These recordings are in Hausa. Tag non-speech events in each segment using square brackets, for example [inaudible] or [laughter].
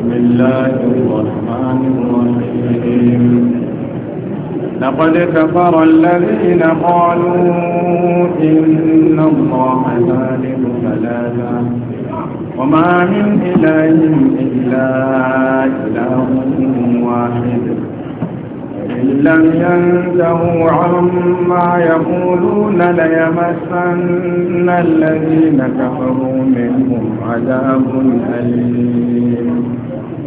بسم الله الرحمن الرحيم لقد كفر الذين قالوا إن الله ذلك ثلاثا وما من إله إلا إله واحد إن لم ينتهوا عما يقولون ليمسن الذين كفروا منهم عذاب أليم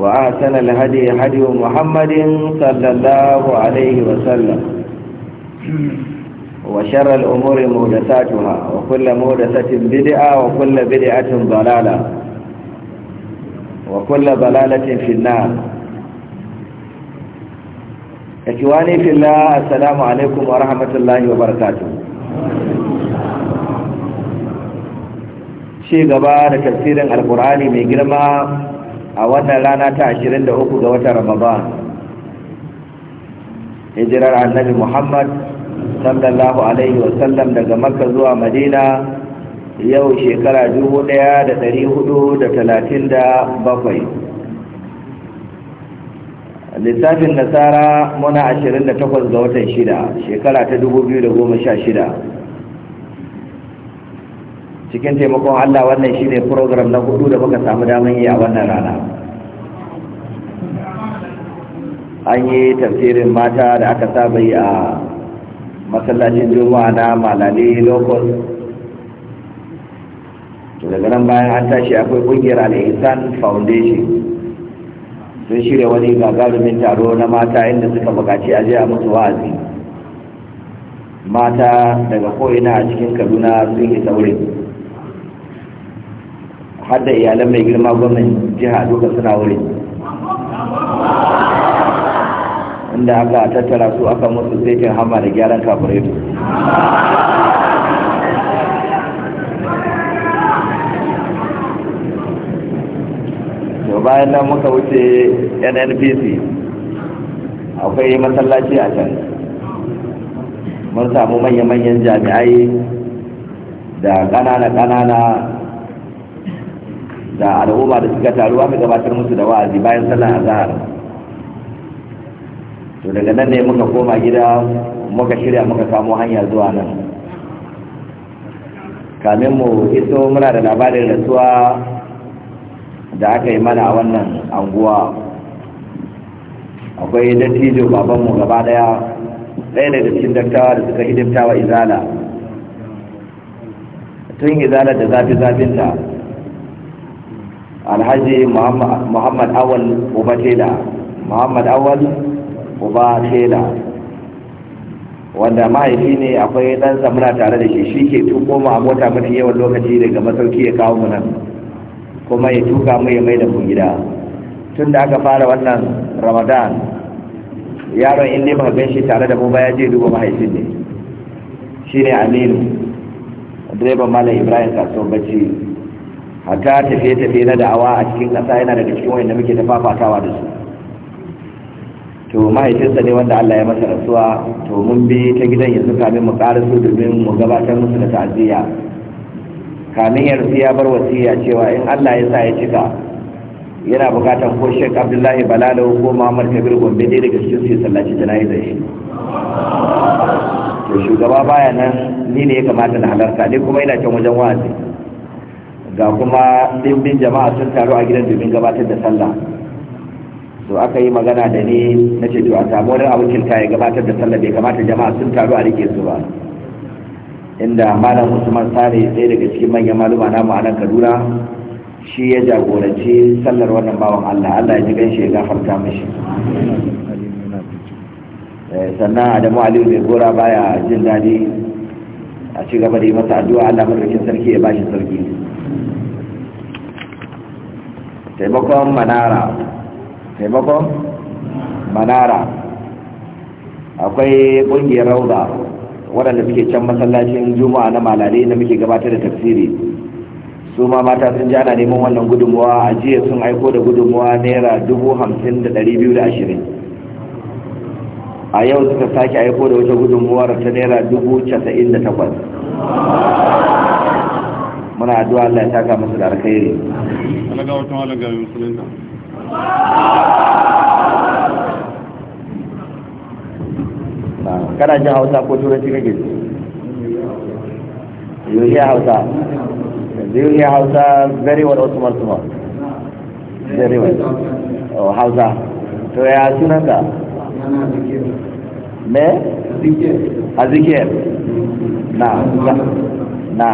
وأحسن الهدي هدي محمد صلى الله عليه وسلم وشر الأمور مهدساتها وكل مهدسة بدعة وكل بدعة ضلالة وكل ضلالة في النار إخواني في الله السلام عليكم ورحمة الله وبركاته شيء غبار تفسير القرآن من جرمه a wannan rana ta 23 ga watan ramadan hijirar annabi muhammad sallallahu alaihi wasallam daga makka zuwa madina yau shekara 1437 lissafin nasara muna 28 ga watan shida shekara ta 2016 cikin taimakon Allah wannan shi ne program na hudu da muka samu damar yi a wannan rana an yi tafsirin mata da aka saba yi a masallacin juma'a na malali lokos daga nan bayan an tashi akwai kungiyar alisan foundation sun shirya wani gagarumin taro na mata inda suka bukaci a jiya musu wa'azi mata daga ko'ina a cikin kaduna sun yi saurin har da iyalan mai girma gwamnan jiha duka suna wuri inda aka tattara su aka musu zaitun hama da gyaran To bayan nan muka wuce nnpc akwai masallaci a can mun samu manya-manyan jami'ai da ƙanana-ƙanana da al'umma da suka taru aka gabatar musu da wa'azi bayan sallar azhar to daga nan ne muka koma gida muka shirya muka kamo hanya zuwa nan kamin mu iso muna da labarin rasuwa da aka yi mana a wannan anguwa akwai dattijo babanmu gaba daya ɗaya da cikin dattawa da suka hidimta wa izala tun izala da zafi-zafinta alhaji muhammad awal uba tela muhammad awal uba tela wanda mahaifi ne akwai dan zamana tare da shi shi ke tuko mu a mota mafi yawan lokaci daga masauki ya kawo mu nan kuma ya tuka mu ya mai da mu gida tun da aka fara wannan ramadan yaron in ne baka shi tare da mu ba ya je duba mahaifin ne Shi ne aminu direban malam ibrahim kasuwar bacci hatta tafiye-tafiye na da'awa a cikin ƙasa yana daga cikin da muke ta fafatawa da su to mahaifinsa ne wanda Allah ya masa rasuwa to mun bi ta gidan yanzu kamin mu ƙara su domin mu gabatar musu da ta'aziyya kamin ya rasu ya bar wasiya cewa in Allah ya sa ya cika yana bukatan ko shek Abdullahi Balalo ko Muhammad Kabir Gombe dai daga cikin su sallaci jana'izar shi to shugaba baya nan ni ne ya kamata na halarta ni kuma ina can wajen wa'azi ga kuma ɗimbin jama'a sun taru a gidan domin gabatar da sallah to aka yi magana da ni na ce to a samu wani abokin ta ya gabatar da sallah bai kamata jama'a sun taru a rike su ba inda malam usman sare ɗaya daga cikin manyan maluma namu a nan kaduna shi ya jagoranci sallar wannan bawan allah allah ya ji ganshi ya gafarta mishi eh, sannan adamu aliyu mai gora baya jin daɗi a ci gaba da yi masa addu'a allah madaukin sarki ya bashi sarki taimakon manara taimakon manara akwai ƙungiyar rauda waɗanda suke can masallacin juma'a na malalai da muke gabatar da tafsiri su ma mata sun ji ana neman wannan gudunmuwa a jiya sun aiko da gudunmuwa naira dubu hamsin da ɗari biyu da ashirin a yau suka sake aiko da wata gudunmuwar ta naira dubu casa'in da takwas muna addu'a Allah ya saka musu da alkhairi Allah ga wata wala ga musulunta kana jin hausa ko turanci kake ji you hear hausa do you hear hausa very well also once more very well oh hausa to ya sunan ka me azikir na na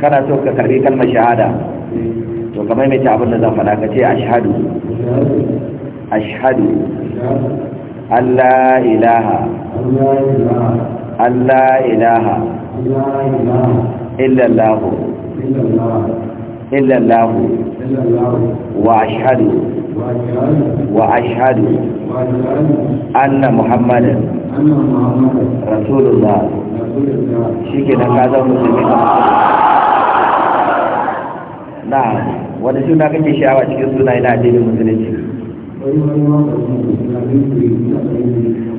kana so ka karbi kalmar shahada to kamar mai ta abinda da zan faɗa ka ce ashadu ashadu Allah ilaha Allah ilaha illallahu illallahu wa ashadu wa ashadu anna muhammadin rasulullah shi ke nan ka zama musulmi na wani suna kake sha'awa cikin suna yana addinin musulunci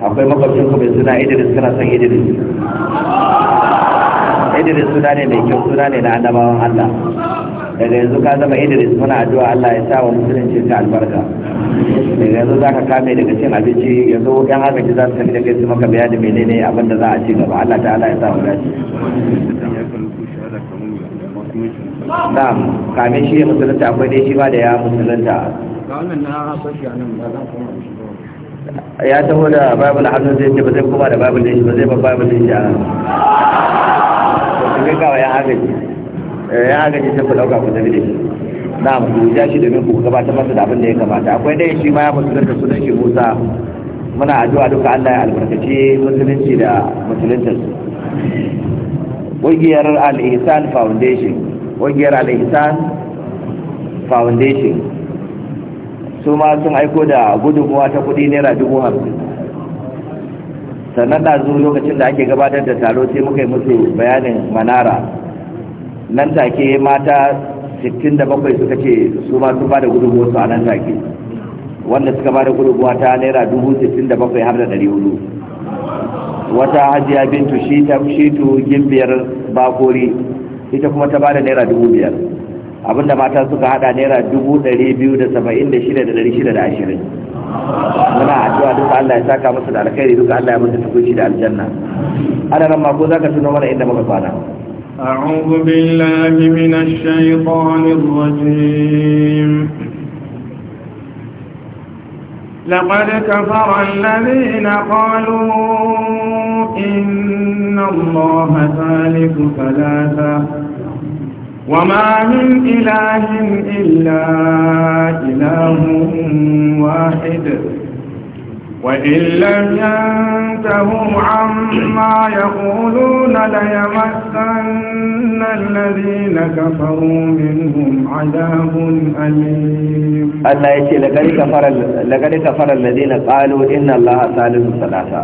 akwai makwabcin kuma suna idris kana son idris idris suna ne mai kyau suna ne na annabawan allah daga yanzu ka zama idris muna addu'a allah ya sa wa musulunci ta albarka daga yanzu za ka kame daga cin abinci yanzu yan agaji za su tafi da kai su maka bayani menene abin da za a ci gaba allah ta'ala ya sa wa dace na kame shi ya musulunta akwai dai shi ba da ya musulunta ya taho da babul hannun zai ce ba zai kuma da babul da shi ba zai ba babul da shi a nan da kawai ya agaji eh, ya agaji sai ku dauka ku tafi da shi na mu ja shi domin ku gabatar masa da abin da ya kamata akwai dai shi ma ya musulunta sunan shi musa muna addu'a duka allah ya albarkaci musulunci da su. ƙungiyar al-ihsan foundation ƙungiyar al'isan foundation su ma sun aiko da gudunmuwa ta kuɗi naira dubu hamsin sannan ɗazu lokacin da ake gabatar da taro sai muka yi musu bayanin manara nan take mata 67 suka ce su ma sun ba da gudunmuwarsu a nan take wanda suka ba da gudunmuwa ta naira 67 har da 400 wata hajiya bintu shitu gimbiyar bakori ita kuma ta bada naira dubu biyar abinda mata suka hada naira dubu ɗari biyu da saba'in da shida da ɗari shida da ashirin muna addu'a duka Allah ya saka musu da alkhairi duka Allah ya musu tukuci da aljanna ana nan mako ko zaka tuno mana inda muka kwana أعوذ بالله من الشيطان الرجيم لقد كفر الذين قالوا إن الله ثالث ثلاثة وما من إله إلا إله واحد وإن لم ينتهوا عما يقولون ليمسن الذين كفروا منهم عذاب أليم الله يشي لقد كفر, لقد كفر الذين قالوا إن الله ثالث ثلاثة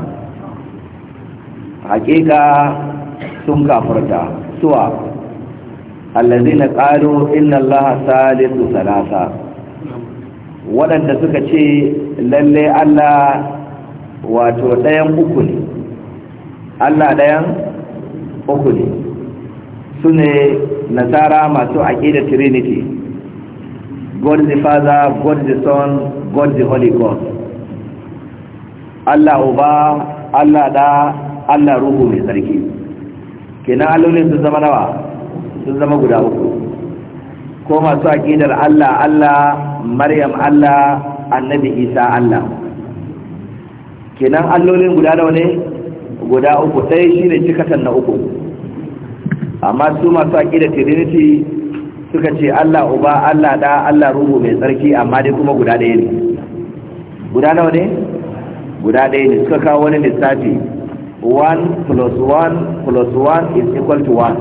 hakika sun kafarta, suwa allazina qalu inna allaha salisu salasa waɗanda suka ce lalle Allah wato ɗayan uku ne Allah ɗayan uku ne su ne nasara masu aƙidar trinity god the father god the son god the holy god Allah uba Allah da Allah ruhu mai sarki kenan allolin sun zama nawa sun zama guda uku ko masu aƙidar Allah Allah Maryam Allah Annabi Isa Allah kenan allolin guda nawa ne guda uku ɗaya shi ne cikatan na uku amma su masu aƙidar Trinity suka ce Allah Uba Allah da Allah Ruhu mai tsarki amma dai kuma guda ɗaya ne guda nawa ne guda ɗaya ne suka kawo wani lissafi 1 plus 1 plus 1 is equal to 1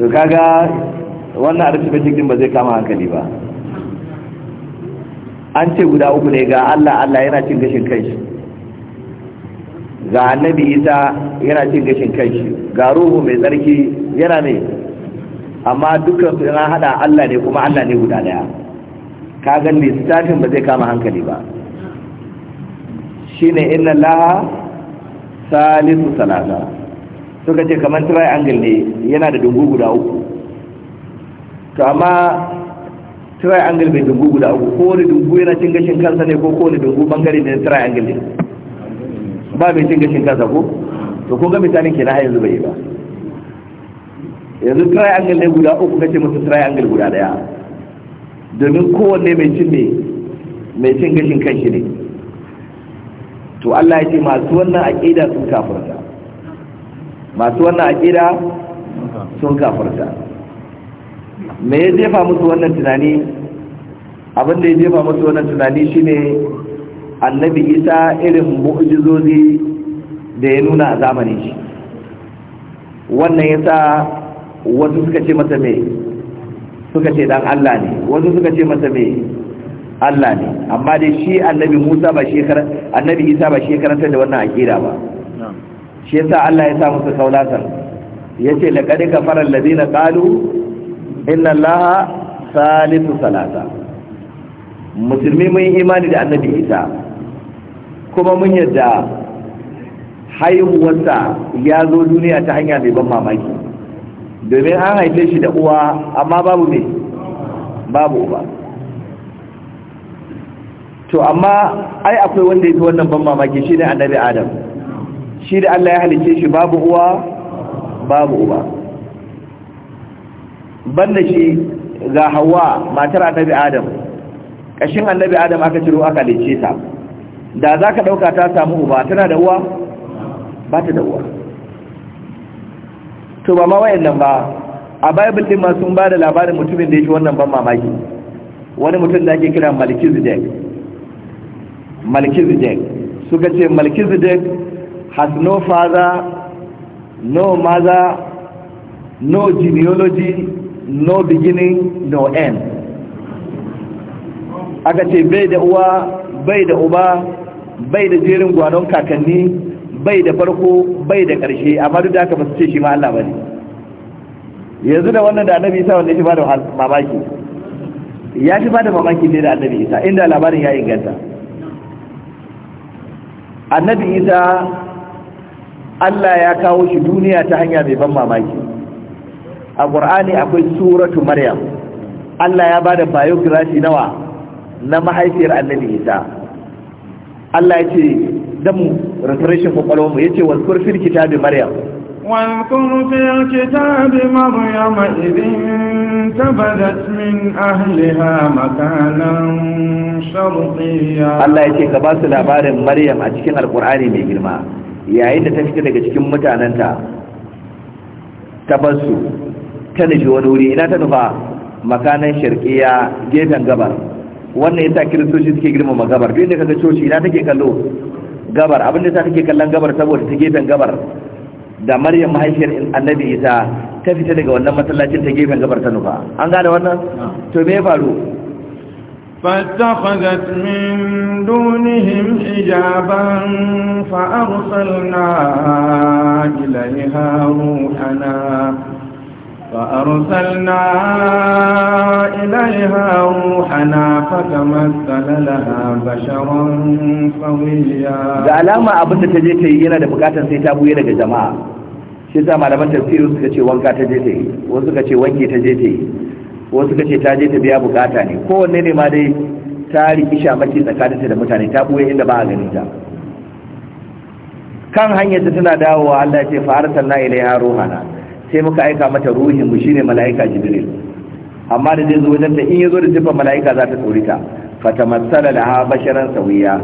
to kaga wannan arithmetic din ba zai kama hankali ba an ce guda uku ne ga Allah Allah yana cin gashin kai ga annabi Isa yana cin gashin kai ga ruhu mai tsarki yana ne amma dukkan su yana hada Allah ne kuma Allah ne guda daya kaga lissafin ba zai kama hankali ba shine inna laha salisu salasa suka ce kamar triangle ne yana da dungu guda uku to amma triangle bai dungu guda uku ko wani dungu yana cin gashin kansa ne ko wani dungu bangare ne triangle ne ba mai cin gashin kansa ko to ko ga misalin ke na yanzu bai yi ba yanzu triangle ne guda uku kace musu triangle guda daya domin kowanne mai cin ne mai cin gashin kanshi ne to Allah ya ce masu wannan aqida sun kafirta masu wannan aqida sun kafirta me ya jefa musu wannan tunani abin da ya jefa musu wannan tunani shine annabi Isa irin mu'jizozi da ya nuna a zamanin shi wannan ya sa wasu suka ce masa me suka ce dan Allah ne wasu suka ce masa me Allah ne amma dai shi annabi Musa ba annabi Isa ba shekarantar da wannan akida ba shi yasa Allah ya sa musu kaulatar yace laqad kafara alladhina qalu inna allaha salisu salata musulmi mun yi imani da annabi Isa kuma mun yadda haihuwarsa ya zo duniya ta hanya mai ban mamaki domin an haife shi da uwa amma babu ne babu uba to amma ai akwai wanda fi wannan ban mamaki shi ne annabi adam shi da Allah ya halice shi babu uwa babu uba banda shi ga hawa matar annabi adam kashin annabi adam aka ciro aka halice ta da zaka dauka ta samu uba tana da uwa ba ta da uwa to ba ma wayannan ba a bible din ma sun ba da labarin mutumin da yake wannan ban mamaki wani mutum da ake kira malikizedek malkizidek suka ce malkizidek has no father no mother no genealogy no beginning no end aka ce bai da uwa bai da uba bai da jerin gwanon kakanni bai da farko bai da ƙarshe amma duk da aka basu ce shi ma Allah bane yanzu da wannan da annabi isa wanda shi ba da mamaki ya shi ba da mamaki ne da annabi isa inda labarin ya inganta annabi isa Allah ya kawo shi duniya ta hanya mai ban mamaki a ƙur'ani akwai suratu maryam Allah ya bada biography nawa na mahaifiyar annabi isa Allah ya ce mu restoration ƙwaƙwalwar mu yace wasu fil kitabi maryam واذكر في الكتاب مريم إذ انتبذت من أهلها مكانا شرقيا الله يتيك باس الأبار مريم أتكين القرآن ميجرما yayin يا ta تفكر لك أتكين mutanenta أنت تبسو تنجو ونوري wani تنفع مكانا شرقيا nufa قبر shirkiya gefen gabar wannan yasa kiristoci suke girmama gabar duk da kaga coci ina take kallo gabar abin da yasa take kallon gabar saboda ta gefen gabar da maryam mahaifiyar annabi isa ta fita daga wannan masallacin ta gefen gabar ta nufa an gane wannan to me ya faru فاتخذت من دونهم حجابا فأرسلنا إليها روحنا فأرسلنا إليها روحنا فتمثل لها بشرا قويا da alama abin da ta je ta yi yana da bukatar sai ta daga jama'a malaman tafsiri suka ce wanka ta je ta yi wasu suka ce wanke ta je ta yi wasu suka ce ta je ta biya bukata ne kowanne ne ma dai ta riki shamaki tsakaninta da mutane ta ɓuya inda ba a ganin ta kan hanyar ta tana dawowa Allah ya ce sannan arsalna ilaiha ruhana sai muka aika mata ruhin mu shine mala'ika jibril amma da zai zo wajen ta in ya zo da siffar mala'ika za ta tsori ta fatamassala laha basharan sawiya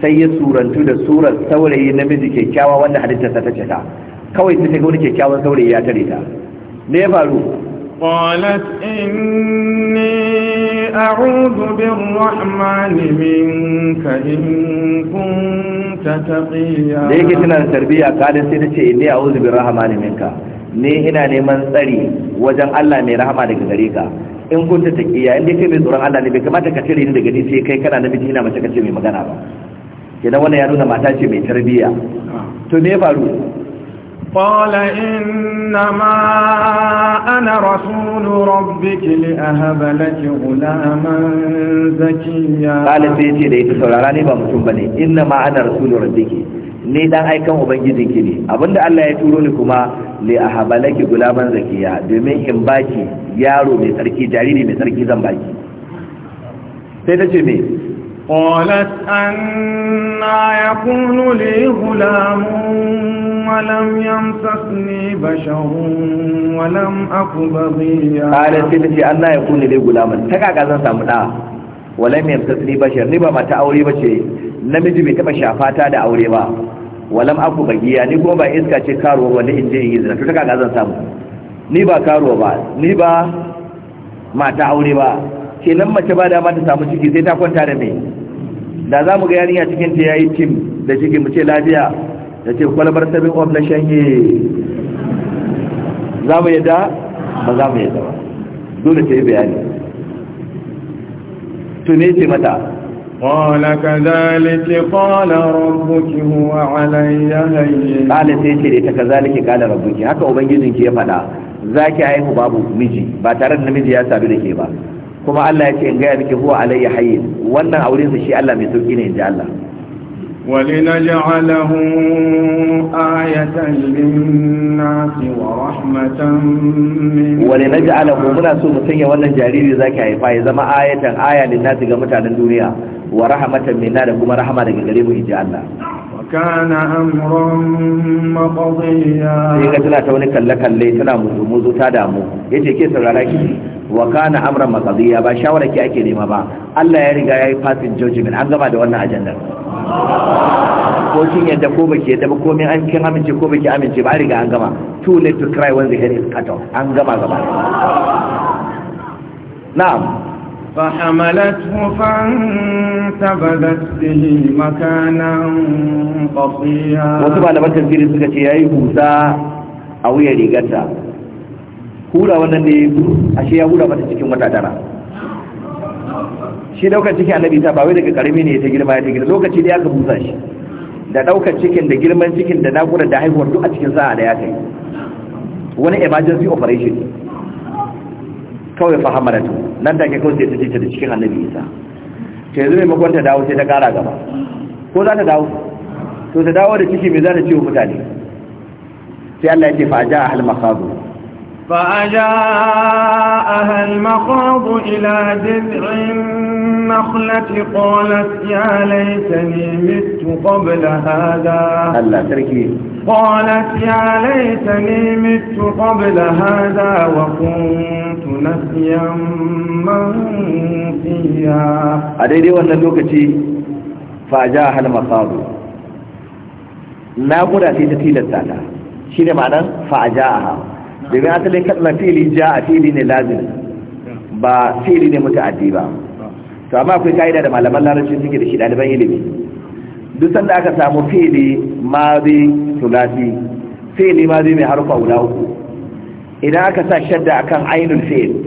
sai ya surantu da surar saurayi namiji kyakkyawa wanda halittarsa ta ta kawai sai ta ga wani kyakkyawan saurayi ya tare ta me ya faru birrahman minka in kunta taqiya da yake tana tarbiya تنا sai ta ce inni a'udhu birrahman minka ni ina neman tsari wajen Allah mai rahama daga gare ka in kunta take in inda kai mai tsoron Allah ne bai kamata ka tare ni daga ni sai kai kana namiji ina mace kace mai magana ba kenan wannan ya nuna mata ce mai tarbiyya to me faru قال إنما أنا zakiyya qala sai ce da ita saurara ne ba mutum bane inna ma ana rasul ربك ni dan aikan ubangijinki ne abinda Allah ya turo ni kuma li ahabalaki gulaman zakiya domin in baki yaro mai tsarki jariri mai tsarki zan baki sai ta ce me qalat anna yakunu li gulamun wa lam yamsasni basharun wa lam aku baghiya qalat sai ta ce anna yakunu li gulaman ta kaga zan samu da wala mai yamsasni bashar ni ba mata aure bace namiji bai taba shafata da aure ba walam aku bagiya ni kuma ba iska ce karuwa ba in je in yi zina to ta kaga zan samu ni ba karuwa ba ni ba mata aure ba kenan mace ba da ta samu ciki sai ta kwanta da mai da za ga yarinya cikin ta yayi tim da ciki mu ce lafiya da ce kwalbar sabin of na shanye za mu yadda ba za mu yadda ba dole ta yi bayani to ne ce mata قال كذلك قال ربك هو علي هين قال da ita كذلك قال ربك haka ubangijin ki ya fada ki haihu babu miji ba tare da namiji ya sadu da ke ba kuma Allah ya ce in gaya miki huwa alayya hayyin wannan auren shi Allah mai sauƙi ne ji Allah ولنجعله آية للناس ورحمة منه ولنجعله منا mu sanya wannan jariri ki haifa ya zama ayatan aya linnasi ga mutanen duniya wa rahmatan minna da kuma rahama daga gare mu inji Allah kana amrun maqdiya sai ka tana ta wani kalle-kalle tana muzu ta damu ya ce ke saurara ki wa kana amran maqdiya ba shawara ki ake nema ba Allah ya riga yayi fasin judgment an gama da wannan ajandar ko kin yadda ko baki yadda ba min an kin amince ko baki amince ba riga an gama too late to cry when the head is cut off an gama gaba na'am فحملته فانتبذت به مكانا قصيا وطبعا لما تذكير سكتي يا يهوسا أو يا ريغتا hura wannan ne ashe ya hura mata cikin wata shi daukar cikin annabi ta ba wai daga karami ne ta girma ya ta girma lokaci da aka busa shi da daukar cikin da girman cikin da nakura da haihuwar duk a cikin sa'a da ya kai wani emergency operation kawai fahimaratu nan take kawai sai ta da cikin annabi isa ta yanzu makon ta dawo sai ta kara gaba ko za ta dawo to ta dawo da ciki mai za ta ciwo mutane sai Allah ya ce fa a halin makhadu فأجاءها المخاض إلى جذع النخلة قالت يا ليتني مت قبل هذا الله تركي قالت يا ليتني مت قبل هذا وكنت نسيا منسيا أدري وأن اللوكتي فأجاءها المخاض نابرة تتيلت تعالى شنو معنى فأجاءها domin asalin kalmar fili ja a fili ne lazim ba fili ne muta'addi ba to amma akwai ka'ida da malaman larabci suke da shi ɗaliban ilimi duk sanda aka samu fili mazi sulasi fili mazi mai harfa guda uku idan aka sa shadda akan ainul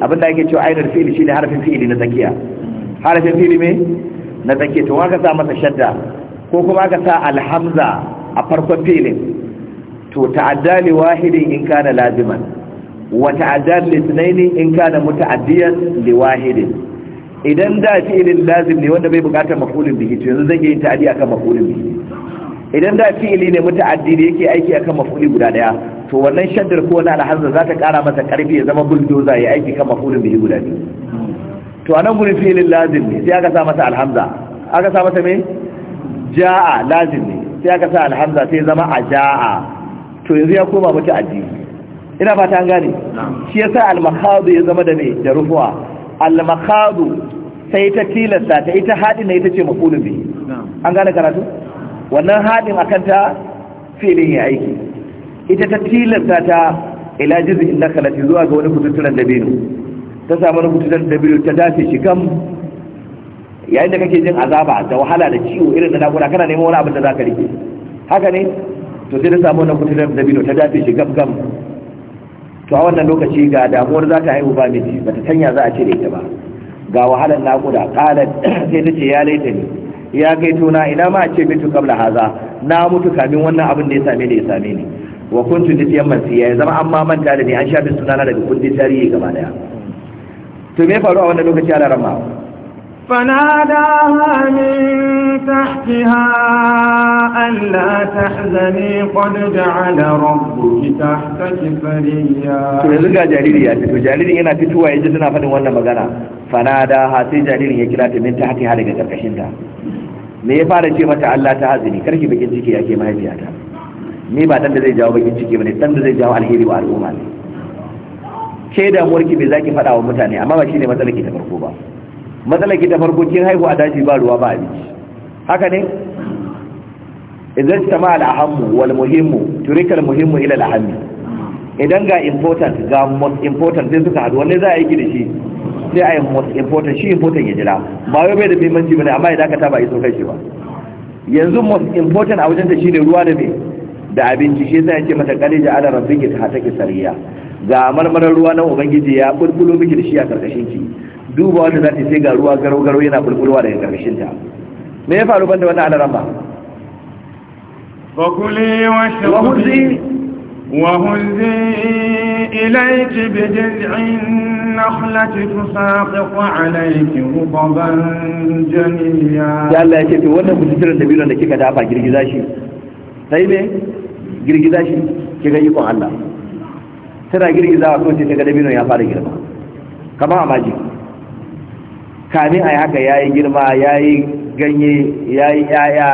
abin da ake cewa ainul fi'il shine harfin fili na tsakiya harfin fili me na tsakiya to aka sa masa shadda ko kuma aka sa alhamza a farkon filin. to ta'adda li wahidin in kana laziman wa ta'adda li ithnaini in kana muta'addiyan li wahidin idan da fi'ilin lazim ne wanda bai bukatar maf'ulin bihi to yanzu zan yin ta'addi akan maf'ulin bihi idan da fi'ili ne muta'addi ne yake aiki akan maf'uli guda daya to wannan shaddar ko wannan alhazza za ta kara masa karfi ya zama bulldozer ya aiki kan maf'ulin bihi guda biyu to anan gurin fi'ilin lazim ne sai aka sa masa alhamza aka sa masa me ja'a lazim ne sai aka sa alhamza sai zama a ja'a to yanzu ya koma mata addini ina fata an gane shi ya sa almakadu ya zama da me da rufuwa almakadu sai ta tilasta ta ita haɗin ne ita ce maqulun an gane karatu wannan hadin akan ta filin ya aiki ita ta tilasta ta ila jizin nakalati zuwa ga wani kututturan dabino ta samu wani kututturan dabino ta dace shi kam yayin da kake jin azaba da wahala da ciwo irin da nakuna kana neman wani abin da za ka rike haka ne to sai da samu wannan kuturar bido ta dafe shi gamgam. to a wannan lokaci ga damuwar za ta haihu ba miji ba ta tanya za a cire ta ba ga wahalar naƙuda ƙalar [clears throat] sai ta ce ya laita ni ya kai tona ina ma a ce mitu kamla haza na mutu kamin wannan abin da ya same ni ya same ni wa da nisiyan mansiya ya zama an ma manta da ni an shafe sunana daga kundin tarihi gaba daya to me faru a wannan lokaci a larama فناداها من تحتها ألا تحزني قد جعل ربك تحتك فريا to yanzu ga jariri ya fito jaririn yana fitowa yaji suna fadin wannan magana fanadaha sai jaririn ya kira ta min tahtiha daga karkashin ta me ya fara ce mata Allah ta hazini karki bakin ciki yake mahaifiyata ni ba dan da zai jawo bakin ciki bane dan da zai jawo alheri wa al'umma ne ke murki bai zaki faɗa wa mutane amma ba shine matsalar ki ta farko ba matsalar ki ta farko kin haihu a daji ba ruwa ba abinci haka ne idan ta ma al'ahammu wal muhimmu al muhimmu ila al'ahammi idan ga important ga most important sai suka haɗu wanne za a yi da shi sai a yi most important shi important ya jira ba wai bai da muhimmanci bane amma idan ka ta ba iso kai shi ba yanzu most important a wajen ta ne ruwa da me da abinci shi sai ya ce mata kalija ala rabbiki ta hataki sariya ga marmarar ruwa na ubangiji ya bulbulo miki da shi a karkashin ki duba wanda za ta sai ga ruwa garau garau yana bulbulwa daga karkashin ta me ya faru banda wannan alaran ba fakuli wa huzi wa hunzi ilayki bi jiz'in nakhlati tusaqiq alayki hubaban janiya ya Allah ya ce wannan mutsirin da biyu da kika dafa girgiza shi sai me girgiza shi kiga ikon Allah tana girgizawa ko ce ta ga dabino ya fara girma kama a majiki kamin a yi haka ya yi girma ya yi ganye ya yi yaya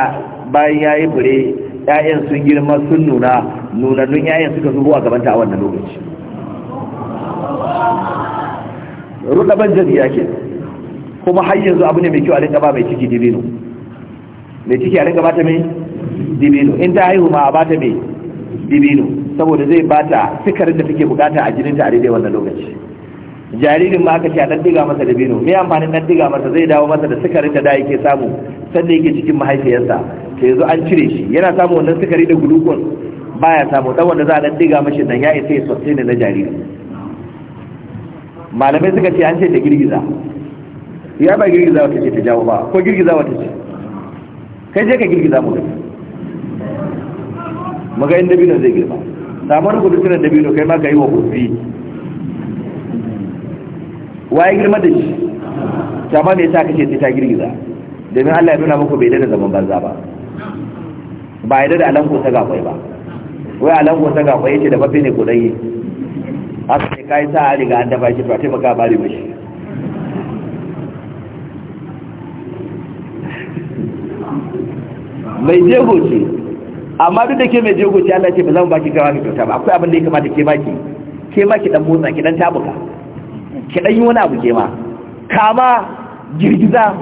bayan ya yi fure yayan sun girma sun nuna nunannun yayan suka zubo a gabanta a wannan lokaci rudaban ya ke kuma har yanzu abu ne mai kyau a rinka ba mai ciki dibino mai ciki a rinka ba ta mai dibino in ta haihu ma a ba ta mai dibino saboda zai ba ta sikarin da take bukata a jininta a daidai wannan lokaci jaririn ma aka ce a dan diga masa da bino me amfanin dan diga masa zai dawo masa da sukari ta da yake samu sannan yake cikin mahaifiyarsa to yanzu an cire shi yana samu wannan sukari da glucose baya samu dan wanda za a dan diga mashi dan ya isa ya sosai ne na jariri malamai suka ce an ce ta girgiza ya ba girgiza wata ce ta jawo ba ko girgiza wata ce kai je ka girgiza mu gani mu ga inda bino zai girma samu rubutu da dabino kai ma ka yi wa gobe waye girma da shi ta ba me yasa kace sai ta girgiza domin Allah ya nuna muku bai da zaman banza ba ba ya da alanko ta gafai ba wai alanko ta gafai yace da bafe ne ko dai haka ne kai sa a riga an dafa shi to maka bari mishi mai jego ce amma duk da ke mai jego ce Allah ce ba zan baki gawa ki kyauta ba akwai abin da ya kamata ke baki ke maki dan motsa ki dan tabuka ki ɗan yi wani abu ke ma kama girgiza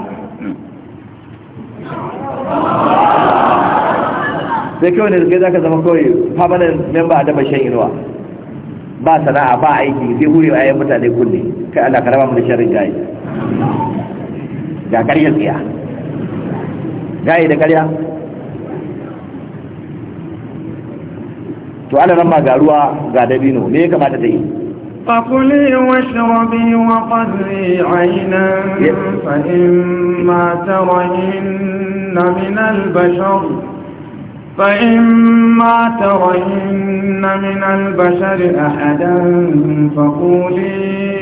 sai kawai da zai zaka zama kawai permanent member da bashen inuwa ba sana'a ba aiki sai hure a yin mutane kulle kai Allah karama raba mu da sharrin gayi ga karyar tsiya gayi da karya to ana nan ma ga ruwa ga dabino me ya kamata ta yi فكلي واشربي وقدري عينا فإما ترين من البشر فإما ترين من البشر أحدا فقولي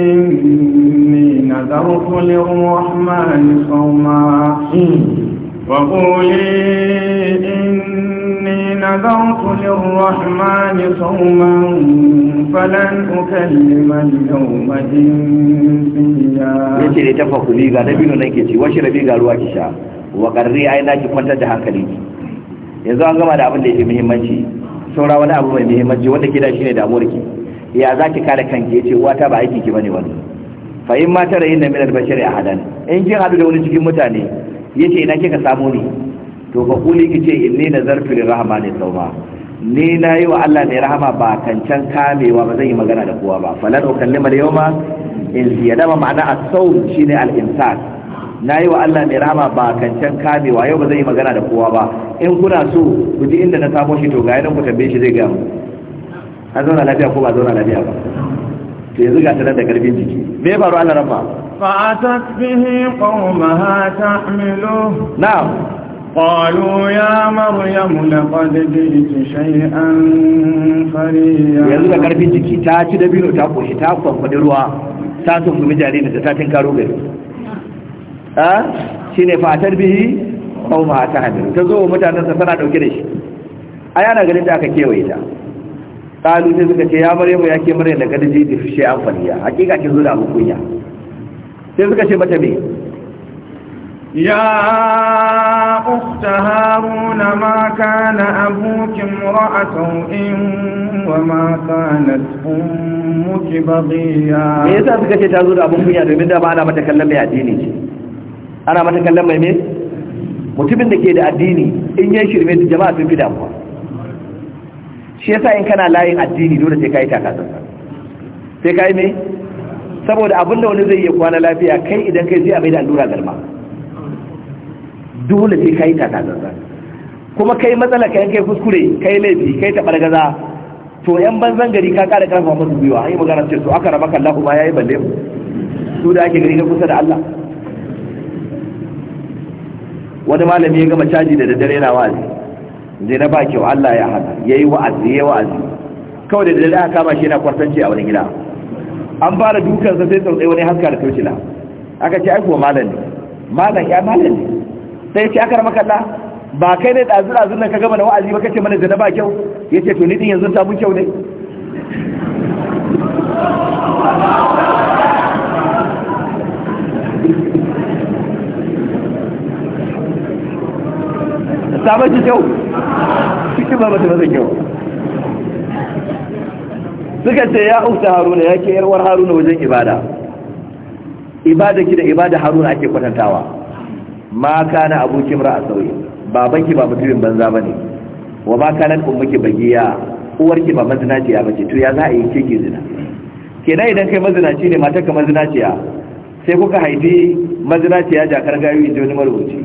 إني نذرت للرحمن صوما hmm. وقولي نذرت للرحمن صوما فلن أكلم اليوم إنسيا يتي لتفق لي غانا بينو نكيتي واشربي غاروا كشا وقرري أين أجي كنت دهانكلي yanzu an gama da abin da ya fi muhimmanci saura wani abu mai muhimmanci wanda ke da shi ne damuwarki ya za ki kare kanki ya ce wata ba aiki ki bane wani fa in ma tara yin da minar bashari a hadan in kin hadu da wani cikin mutane ya ce ina kika samu ni to fa kuli kace ce inni nazartu rahmani sawma ni na yi wa Allah ne rahama ba kancan kamewa ba zan yi magana da kowa ba falan ukallima al in insiya dama ma'ana as-sawm shine al insan na yi wa Allah ne rahama ba kancan kamewa yau ba zan yi magana da kowa ba in kuna so ku ji inda na samo shi to ga yaron ku tambaye shi zai ga mu an zauna lafiya ko ba zauna lafiya ba to yanzu ga tare da karfin jiki me ya faru Allah rabba fa'atat bihi qawmaha ta'milu na'am قالوا يا مريم لقد جئت شيئا فريا yanzu da karfin jiki ta ci da ta koshi ta kwamfadi ruwa ta tungumi jaririn da ta tinkaro gari a shine fatar bihi ko ma ta hadin ta zo mutanen sa tana dauke da shi a yana garin da aka kewaye ta sai suka ce ya maryamu ya ke maryam da kada da shi an fariya hakika kin zo da abu kunya sai suka ce mata me يا أخت هارون ما كان أبوك امرأة إن وما كانت أمك بغيا me yasa suka ce ta zo da abun kunya domin da ba ana أنا ما mai addini ce ana mai me mutumin da ke da addini in yi shirme da jama'a sun fi damuwa shi yasa in kana layin addini dole sai ka yi takasarsa sai ka yi me saboda abin da wani zai iya kwana lafiya kai idan kai zai a mai da allura garma. dole sai kai ta zanzan kuma kai matsala kai kai kuskure kai laifi kai ta bargaza to yan banzan gari ka kara karfa musu gwiwa ai magana ce to aka rabaka Allah kuma yayi balle mu su da ake gari ga kusa da Allah wani malami ya gama caji da daddare yana wa'azi zai na ba kyau Allah ya hada yayi wa'azi yayi wa'azi kawai da daddare aka kama shi yana kwartance a wani gida an fara sa sai tsautsai wani haska da tocila aka ce ai kuwa malam malam ya malami. sai ce akar kalla? ba kai ne dazu dazu nan ka gama na wa'azi ba kace mana na ba kyau yace to ni din yanzu ta mun kyau ne ta kyau cikin ba mata mazan kyau suka ce ya ufta haruna ya ke yarwar haruna wajen ibada ibada ki da ibada haruna ake kwatantawa ma kana abokin mura a sauyi babanki ba mutumin banza ba ne wa ma kana ummuki bagiya uwarki ba mazinaciya ba ce to ya za a yi kike zina kenan idan kai mazinaci ne matar ka mazinaciya sai kuka haifi mazinaciya jakar gayu inji wani marubuci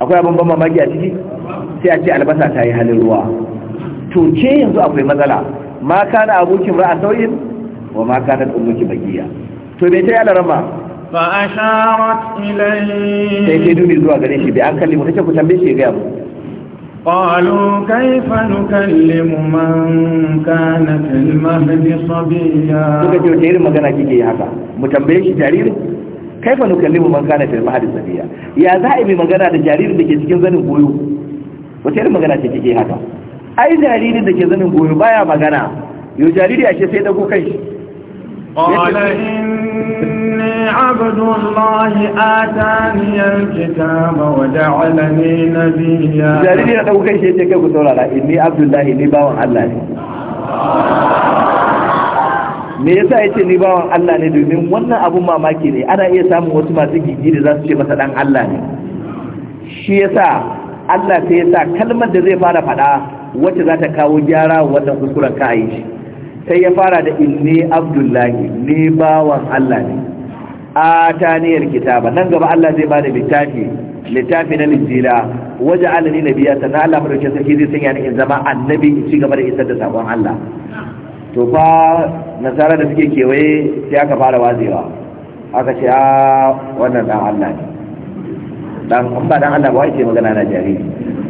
akwai abin ban mamaki a ciki sai a ce albasa ta yi halin ruwa to ce yanzu akwai matsala ma kana abokin ra'a sauyin wa ma kana ummuki bagiya to bai ta yi alarama فأشارت إليه سيكي دوني زوا غريشي بأن كلمة تشكو تنبيشي غير قالوا كيف نكلم من كان في المهد صبيا suka ce irin magana kike yi haka mu tambaye shi jaririn kaifa nukallimu man kana fil mahdi sabiya ya za a yi magana da jaririn da ke cikin zanin goyo wace irin magana ce kike haka ai jaririn da ke zanin goyo baya magana yau jariri ashe sai dago kai إني عبد الله آتاني الكتاب وجعلني نبيا جاريني يا دوكا شي تيكا كوتورا لا إني عبد الله إني باوان الله me yasa ya ce ni bawan Allah ne domin wannan abun mamaki ne ana iya samun wasu masu gigi da za su ce masa dan Allah ne shi yasa Allah sai ya sa kalmar da zai fara faɗa wacce za ta kawo gyara wannan kuskuren ka yi shi sai ya fara da inni abdullahi ni bawan Allah ne a taniyar kitaba nan gaba Allah zai bada littafi littafi na lijila waje alani nabiya sannan Allah madaukakin sarki zai sanya ni in zama annabi in ci gaba da isar da sabon Allah to fa nasara da suke kewaye sai aka fara wazewa aka ce a ah, wannan dan Allah ne dan ba dan Allah ba wai ce magana na jariri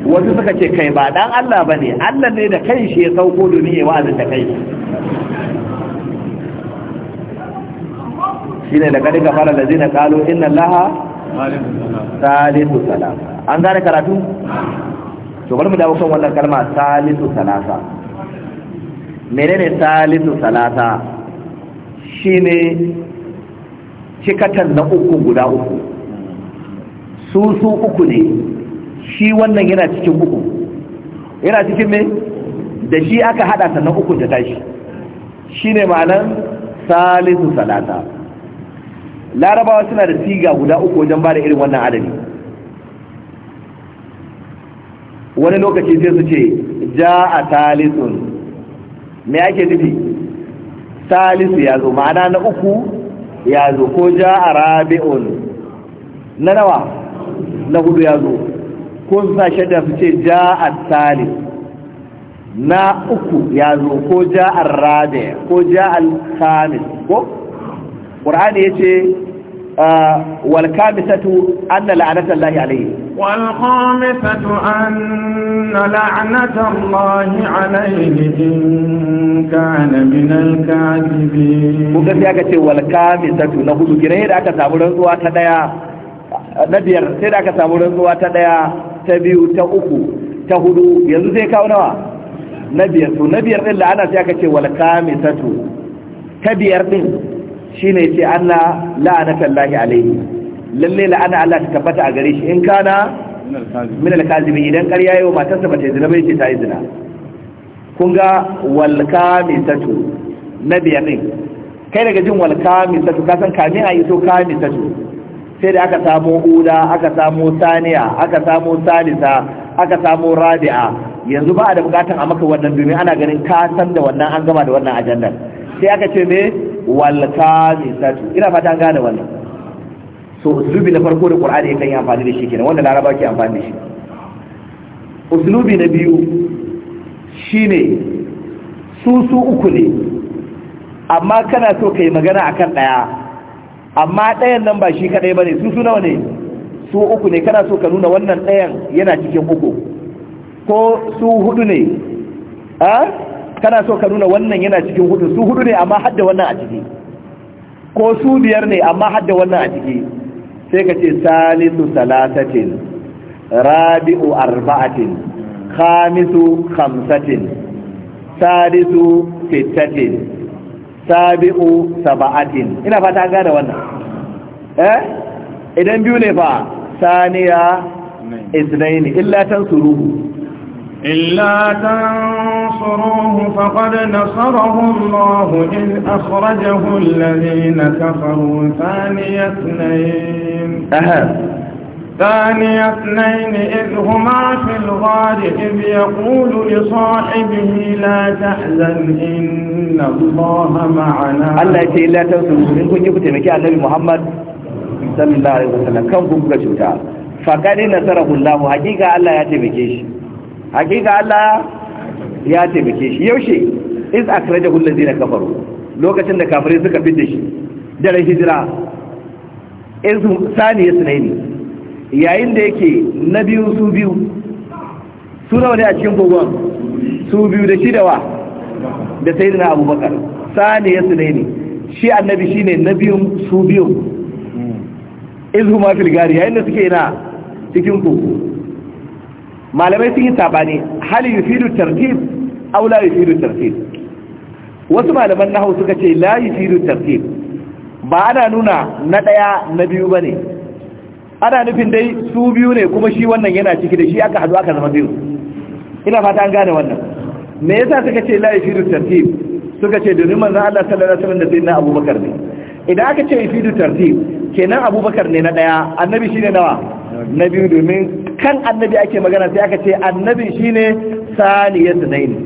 wasu suka ce kai ba dan Allah ba ne Allah ne da kai shi ya sauko domin ya wa'azin da kai shi ne da kadi gafara da zina kalo inna laha salisu salasa an gane karatu? to bari mu dawo kan wannan kalma salisu salasa menene salisu salasa shi ne cikatan na uku guda uku su su uku ne shi wannan yana cikin uku yana cikin me da shi aka hada sannan uku ta tashi shine ma'anar salisu salata larabawa suna da siga guda uku wajen ba da irin wannan adadi wani lokaci sai su ce ja a me ake nufi salisu ya zo ma'ana na uku ya zo ko ja a rabi'un na nawa na hudu ya zo ko sa shadda su ce ja a tsali na uku ya zo ko ja a rabe ko ja a tsamin ko? ƙwarani ya ce ah, walƙamisatu an na la'anatar lahi alayi walƙamisatu an na la'anatar lahi alayi ka na binan kajibi ƙunga sai aka ce walƙamisatu na hudu gina yadda aka samu rantsuwa ta ɗaya, na biyar sai da aka samu rantsuwa ta daya ta biyu ta uku ta hudu yanzu zai kawo nawa na biyar to na biyar din la'ana sai aka ce wal kamisatu ta biyar din shine yace Allah ta Allah alaihi lalle la'ana Allah ta tabbata a gare shi in kana min al kazimi idan ƙarya yau ta bata zina bai ce ta yi zina kun ga wal kamisatu na biyar din kai daga jin wal kamisatu ka san kamin a yi so kamisatu sai da aka samo hula aka samo saniya aka samo salisa aka samo rabi'a yanzu ba a da bukatan a maka wannan domin ana ganin ka san da wannan an gama da wannan ajandar sai aka ce me wal kamisatu ina fata an gane wannan so uslubi na farko da qur'ani yakan yi amfani da shi kenan wanda laraba ke amfani da shi uslubi na biyu shine su su uku ne amma kana so kai magana akan daya amma ɗayan nan ba shi kaɗai ba ne su su nawa ne su uku ne kana so ka nuna wannan ɗayan yana cikin uku ko su hudu ne a kana so ka nuna wannan yana cikin hudu su hudu ne amma hadda wannan a ciki ko su biyar ne amma hadda wannan a ciki sai ka ce salisu salatatin rabi'u arba'atin khamisu khamsatin sadisu fitatin. sabi'u saba'atin ina fata an gane wannan eh idan biyu ne fa saniya اثنين إلا تنصروه إلا تنصروه فقد نصره الله إذ أخرجه الذين كفروا ثاني اثنين ثاني اثنين إذ هما في الغار إذ يقول لصاحبه لا تحزن إن الله معنا الله يتي لا تنسوا إن كنت تمكي النبي محمد صلى الله عليه وسلم كم كنت كشوتا فقال نصره الله حقيقة الله يتمكيش حقيقة الله يتمكيش يوشي إذ أخرجه الذين كفروا لو كتن كافرين سكا بدش جل هجرة إذ ثاني اثنين yayin da yake na biyu su biyu su nawa ne a cikin kogon su biyu da shi da wa da sai na abubakar sani ya sune ne shi annabi shi ne na biyun su biyu izu ma gari yayin da suke na cikin kogo malamai sun yi sabani hali yufidu tartib aw yi yufidu tartib wasu malaman nahau suka ce la yi yufidu tartib ba ana nuna na daya na biyu ba ne. ana nufin dai su biyu ne kuma shi wannan yana ciki da shi aka hadu aka zama biyu ina fata an gane wannan me yasa suka ce la yafidu tartib suka ce domin manzon Allah sallallahu alaihi wasallam da sayyidina Abubakar ne idan aka ce yafidu tartib kenan Abubakar ne na daya annabi shine nawa na biyu domin kan annabi ake magana sai aka ce annabi shine saniyatu naini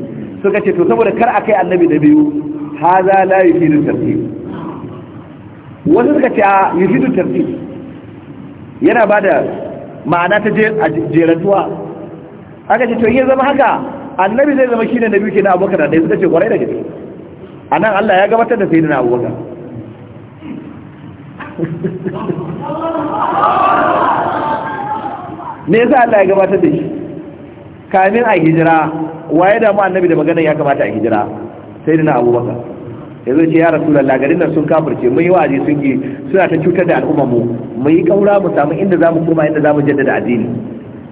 suka ce to saboda kar akai annabi da biyu haza la yafidu tartib wasu suka ce yafidu tartib yana ba da ma'ana ta jerantuwa aka ce to zama haka annabi zai zama shi ne na biyu ke na abokan da ɗaya suka ce kwarai da gaske a nan allah ya gabatar da sayi na abokan [laughs] me yasa allah ya gabatar da shi kamin a hijira waye da mu annabi da magana ya kamata a hijira sayi na abubakar yanzu ce ya rasulullah garin nan sun kafirce mun yi wa'azi sun yi suna ta cutar da al'umma mu mu yi kaura mu samu inda za mu koma inda za mu jaddada addini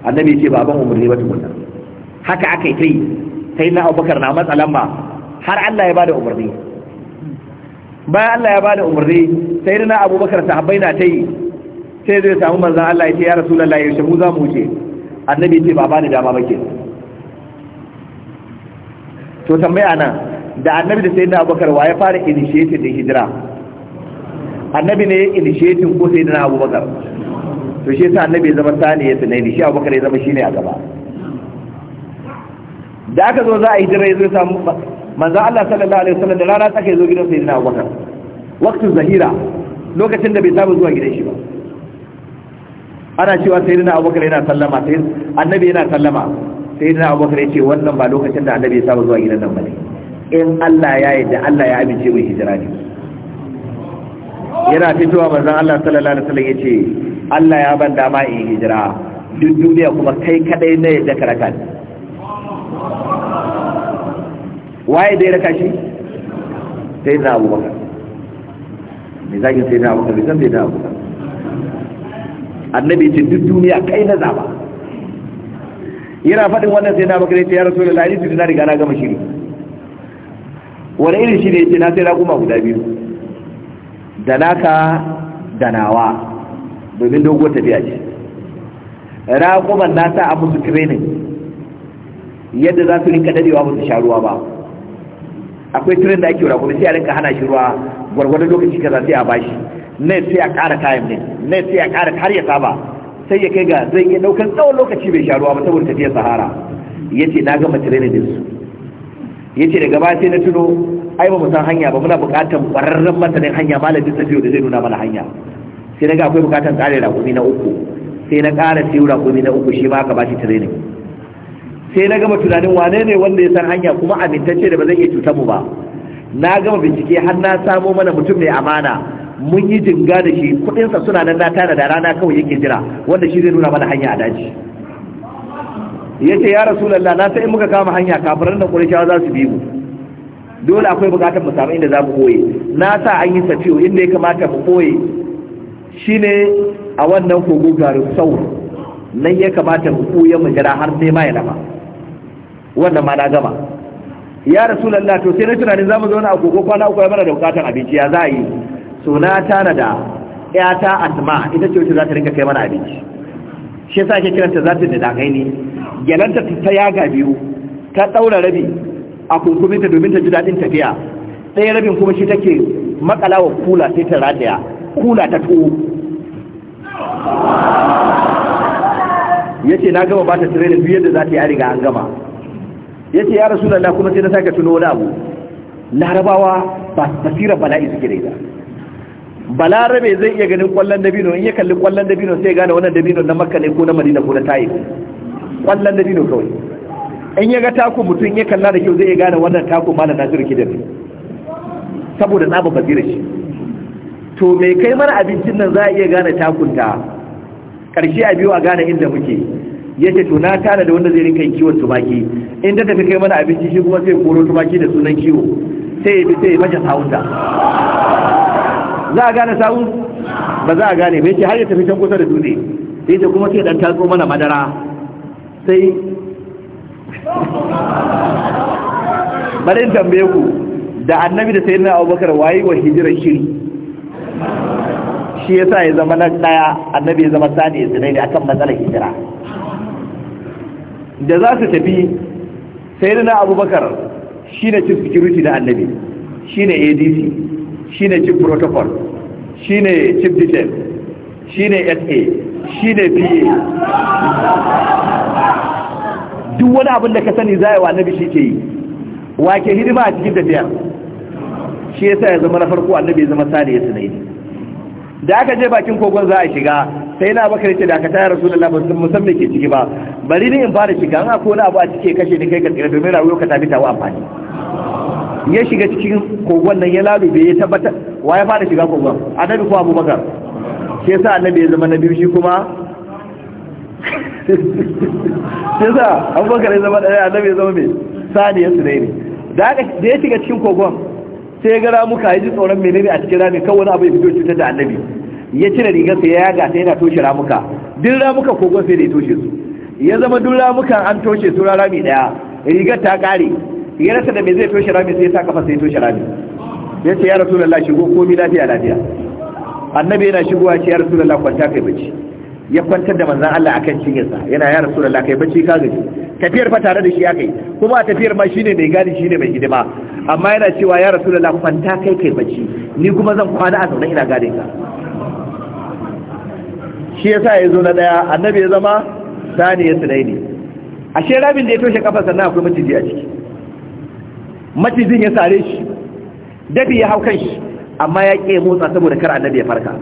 annabi ce baban umarni ba tukunna haka aka yi tai sai na abubakar na matsa ba har Allah ya bada umarni bayan Allah ya bada umarni sai na abubakar sahabbai na tai sai zai samu manzon Allah ya ce ya rasu rasulullah yaushe mu za mu wuce annabi ce ba ba ni dama ba ke to tambaya nan da annabi da da abubakar wa ya fara inishetin da hijira annabi ne inishetin ko da abubakar to shi sa annabi ya zama sani ya tunani shi abubakar ya zama shi ne a gaba da aka zo za a hijira ya zo samu manzo Allah sallallahu alaihi wasallam da rana take zo gidan sayyidina abubakar waqtu zahira lokacin da bai samu zuwa gidan shi ba ana cewa sayyidina abubakar yana sallama sai annabi yana sallama sayyidina abubakar ya ce wannan ba lokacin da annabi ya samu zuwa gidan nan bane in Allah ya yi da Allah ya amince mai hijira ne yana fitowa manzon Allah sallallahu alaihi wasallam yace Allah ya ban dama in hijira duk duniya kuma kai kadai ne da karaka waye da raka shi sai da Abu Bakar me zaki sai da Abu Bakar sai da Abu Bakar annabi ce duk duniya kai na zaba yana faɗin wannan sai na bakare ta ya rasu da lalisi na riga na gama shiri wani irin shi ne ce na sai raƙuma guda biyu da naka da nawa domin dogon tafiya ce raƙuman na sa a musu training yadda za su rinka dadewa ba su sha ruwa ba akwai tirin da ake raƙumi sai a rinka hana shi ruwa gwargwadon lokaci kaza sai a bashi ne sai a ƙara kayan ne ne sai a ƙara har ya saba sai ya kai ga zai iya ɗaukar tsawon lokaci bai sha ruwa ba saboda tafiyar sahara ya ce na gama training din su ya ce daga baya sai na tuno ai ba mu san hanya ba muna buƙatar ƙwararren masanin hanya malamin tafiyo da zai nuna mana hanya sai na ga akwai buƙatar ƙarin rakumi na uku sai na ƙara siyo rakumi na uku shi ma aka ba shi training sai na gama tunanin wane ne wanda ya san hanya kuma amintacce da ba zai iya cutar mu ba na gama bincike har na samo mana mutum mai amana mun yi jinga da shi kuɗinsa suna nan na tana da rana kawai yake jira wanda shi zai nuna mana hanya a daji ya ce ya rasulallah na sai muka kama hanya kafiran da shawar za su bi mu dole akwai bukatar mu samu inda za mu koye na sa an yi safiyo inda ya kamata mu koye shine a wannan kogo garin sau nan ya kamata mu koye mu jira har sai ma ya nama. wannan ma na gama ya rasulallah to sai na tunanin mu zauna a kogo kwana uku mana da bukatar abinci ya za a yi so na tana da ƴata asma ita ce wacce za ta rinka kai mana abinci shi yasa ake kiranta za ta da dakai ne gyalanta ta yaga biyu ta daura rabi a kunkuminta domin ta ji daɗin tafiya ɗaya rabin kuma shi take makalawa kula sai ta rataya kula ta tuwo ya ce na gama ba ta tirenin biyar da za ta yi riga an gama ya ce ya rasu da kuma sai na sake tuno wani abu larabawa ba tafira bala'i suke da ita balarabe zai iya ganin kwallon dabino in ya kalli kwallon dabino sai gane wannan dabino na makka ne ko na madina ko na tayi kwallon dabino kawai in ya ga taku mutum ya kalla da kyau zai iya gane wannan taku malam nasiru kidan saboda tsaba basira shi to me kai mana abincin nan za a iya gane takunta karshe a biyu a gane inda muke ce to na tana da wanda zai rinka kiwon tumaki in ta tafi kai mana abinci shi kuma sai koro tumaki da sunan kiwo sai ya bi sai ya baje sawunta za a gane sa'u ba za a gane mai ce har ya tafi can kusa da dutse sai ce kuma sai dan tatso mana madara sai bari tambaye ku da annabi da na abubakar waye wa hijirar shiri shi sa ya zama na daya annabi ya zama sani ya zinai da akan matsalar hijira da za su tafi na abubakar na cikin security na annabi shi na adc shine chief protocol shine chief detail shine SA shine PA duk wani abin da ka sani zai wa annabi shi ke yi wa ke hidima a cikin tafiya shi yasa ya zama na farko annabi ya zama sani ya sunai da aka je bakin kogon za a shiga sai na bakar ce da aka tayar rasu da ban musamman ke ciki ba bari ni in fara shiga an akwai wani abu a cike kashe ni kai ka domin rayuwa ka tafi tawa amfani ya shiga cikin kogon nan ya lalube ya tabbatar wa ya fara shiga kogon annabi ko abubakar Ke sa annabi ya zama na shi kuma Ke [laughs] sa abubakar ya zama ɗaya annabi ya zama mai sani ya su ne da ya shiga cikin kogon sai ga ramuka ya ji tsoron menene a cikin rami kan wani abu ya fito cutar da annabi ya cire sai ya yaga sai yana toshe ramuka duk ramuka kogon sai da ya toshe su ya zama duk ramukan an toshe su rami daya rigar ta kare ya rasa da me zai toshe rami sai ya sa kafa sai ya toshe rami ya ce ya rasulullah shigo komi lafiya lafiya annabi yana shigowa ce ya rasu rasulullah kwanta kai bacci ya kwantar da manzan Allah akan cinyarsa yana ya rasu rasulullah kai bacci ka gaji tafiyar fa tare da shi akai kuma a tafiyar ma shine mai gadi shine mai hidima amma yana cewa ya rasu rasulullah kwanta kai kai bacci ni kuma zan kwana a zaune ina gadin ka shi yasa ya zo na daya annabi ya zama sani ya sunaini ashe rabin da ya toshe kafa sannan akwai maciji a ciki macizin ya sare shi dabi ya hau kan shi amma ya ƙe motsa saboda kar annabi ya farka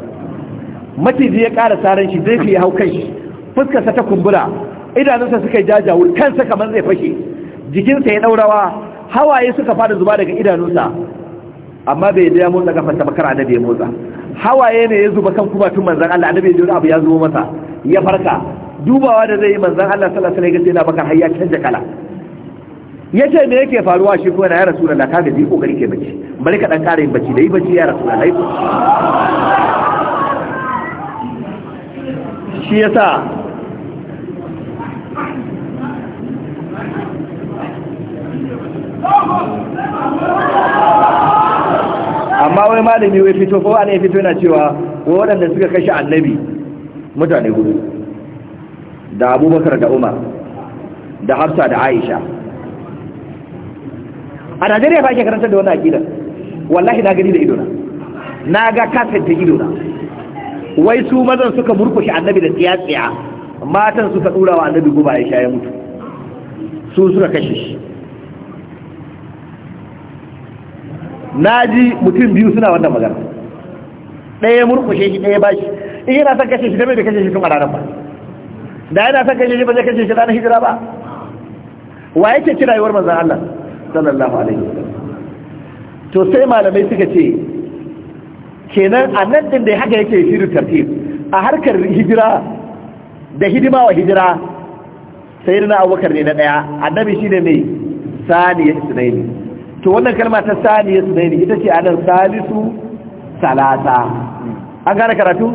maciji ya ƙara saran shi zai ya hau kan shi fuskarsa ta kumbura idanunsa suka yi jajawur kansa kamar zai fashe jikinsa ya ɗaurawa hawaye suka fara zuba daga idanunsa amma bai da ya motsa kafarsa ba kar annabi ya motsa hawaye ne ya zuba kan kubatun manzan Allah annabi ya abu ya zo masa ya farka dubawa da zai yi manzan Allah sallallahu alaihi wasallam ya ga sai na bakar har ya canja kala ya ce me yake faruwa shi kuma ya rasu da ka gaji kokari ke bacci bari ka dan kare bacci da yi bacci ya rasu da laifu shi yasa amma wai malami wai fito ko ana fito yana cewa waɗanda suka kashe annabi mutane hudu da abubakar da umar da hafsa da aisha a najeriya ba ke karantar da wannan akidar wallahi na gani da idona na ga kafin da idona wai su mazan suka murkushe annabi da tsiya-tsiya matan suka tsura wa annabi guba ya sha ya mutu su suka kashe shi na ji mutum biyu suna wannan magana ɗaya murkushe shi ɗaya bashi in yana son kashe shi da bai da kashe shi tun a ranar ba da yana son kashe shi ba zai kashe shi ranar hijira ba wa yake kira yawar manzan Allah sallallahu alaihi wasallam to sai malamai suka ce kenan a nan din da haka yake shiru tartib a harkar hijira da hidima wa hijira na abubakar ne na daya annabi shine mai saniya sunaini to wannan kalma ta saniya sunaini ita ce anan salisu salasa an gane karatu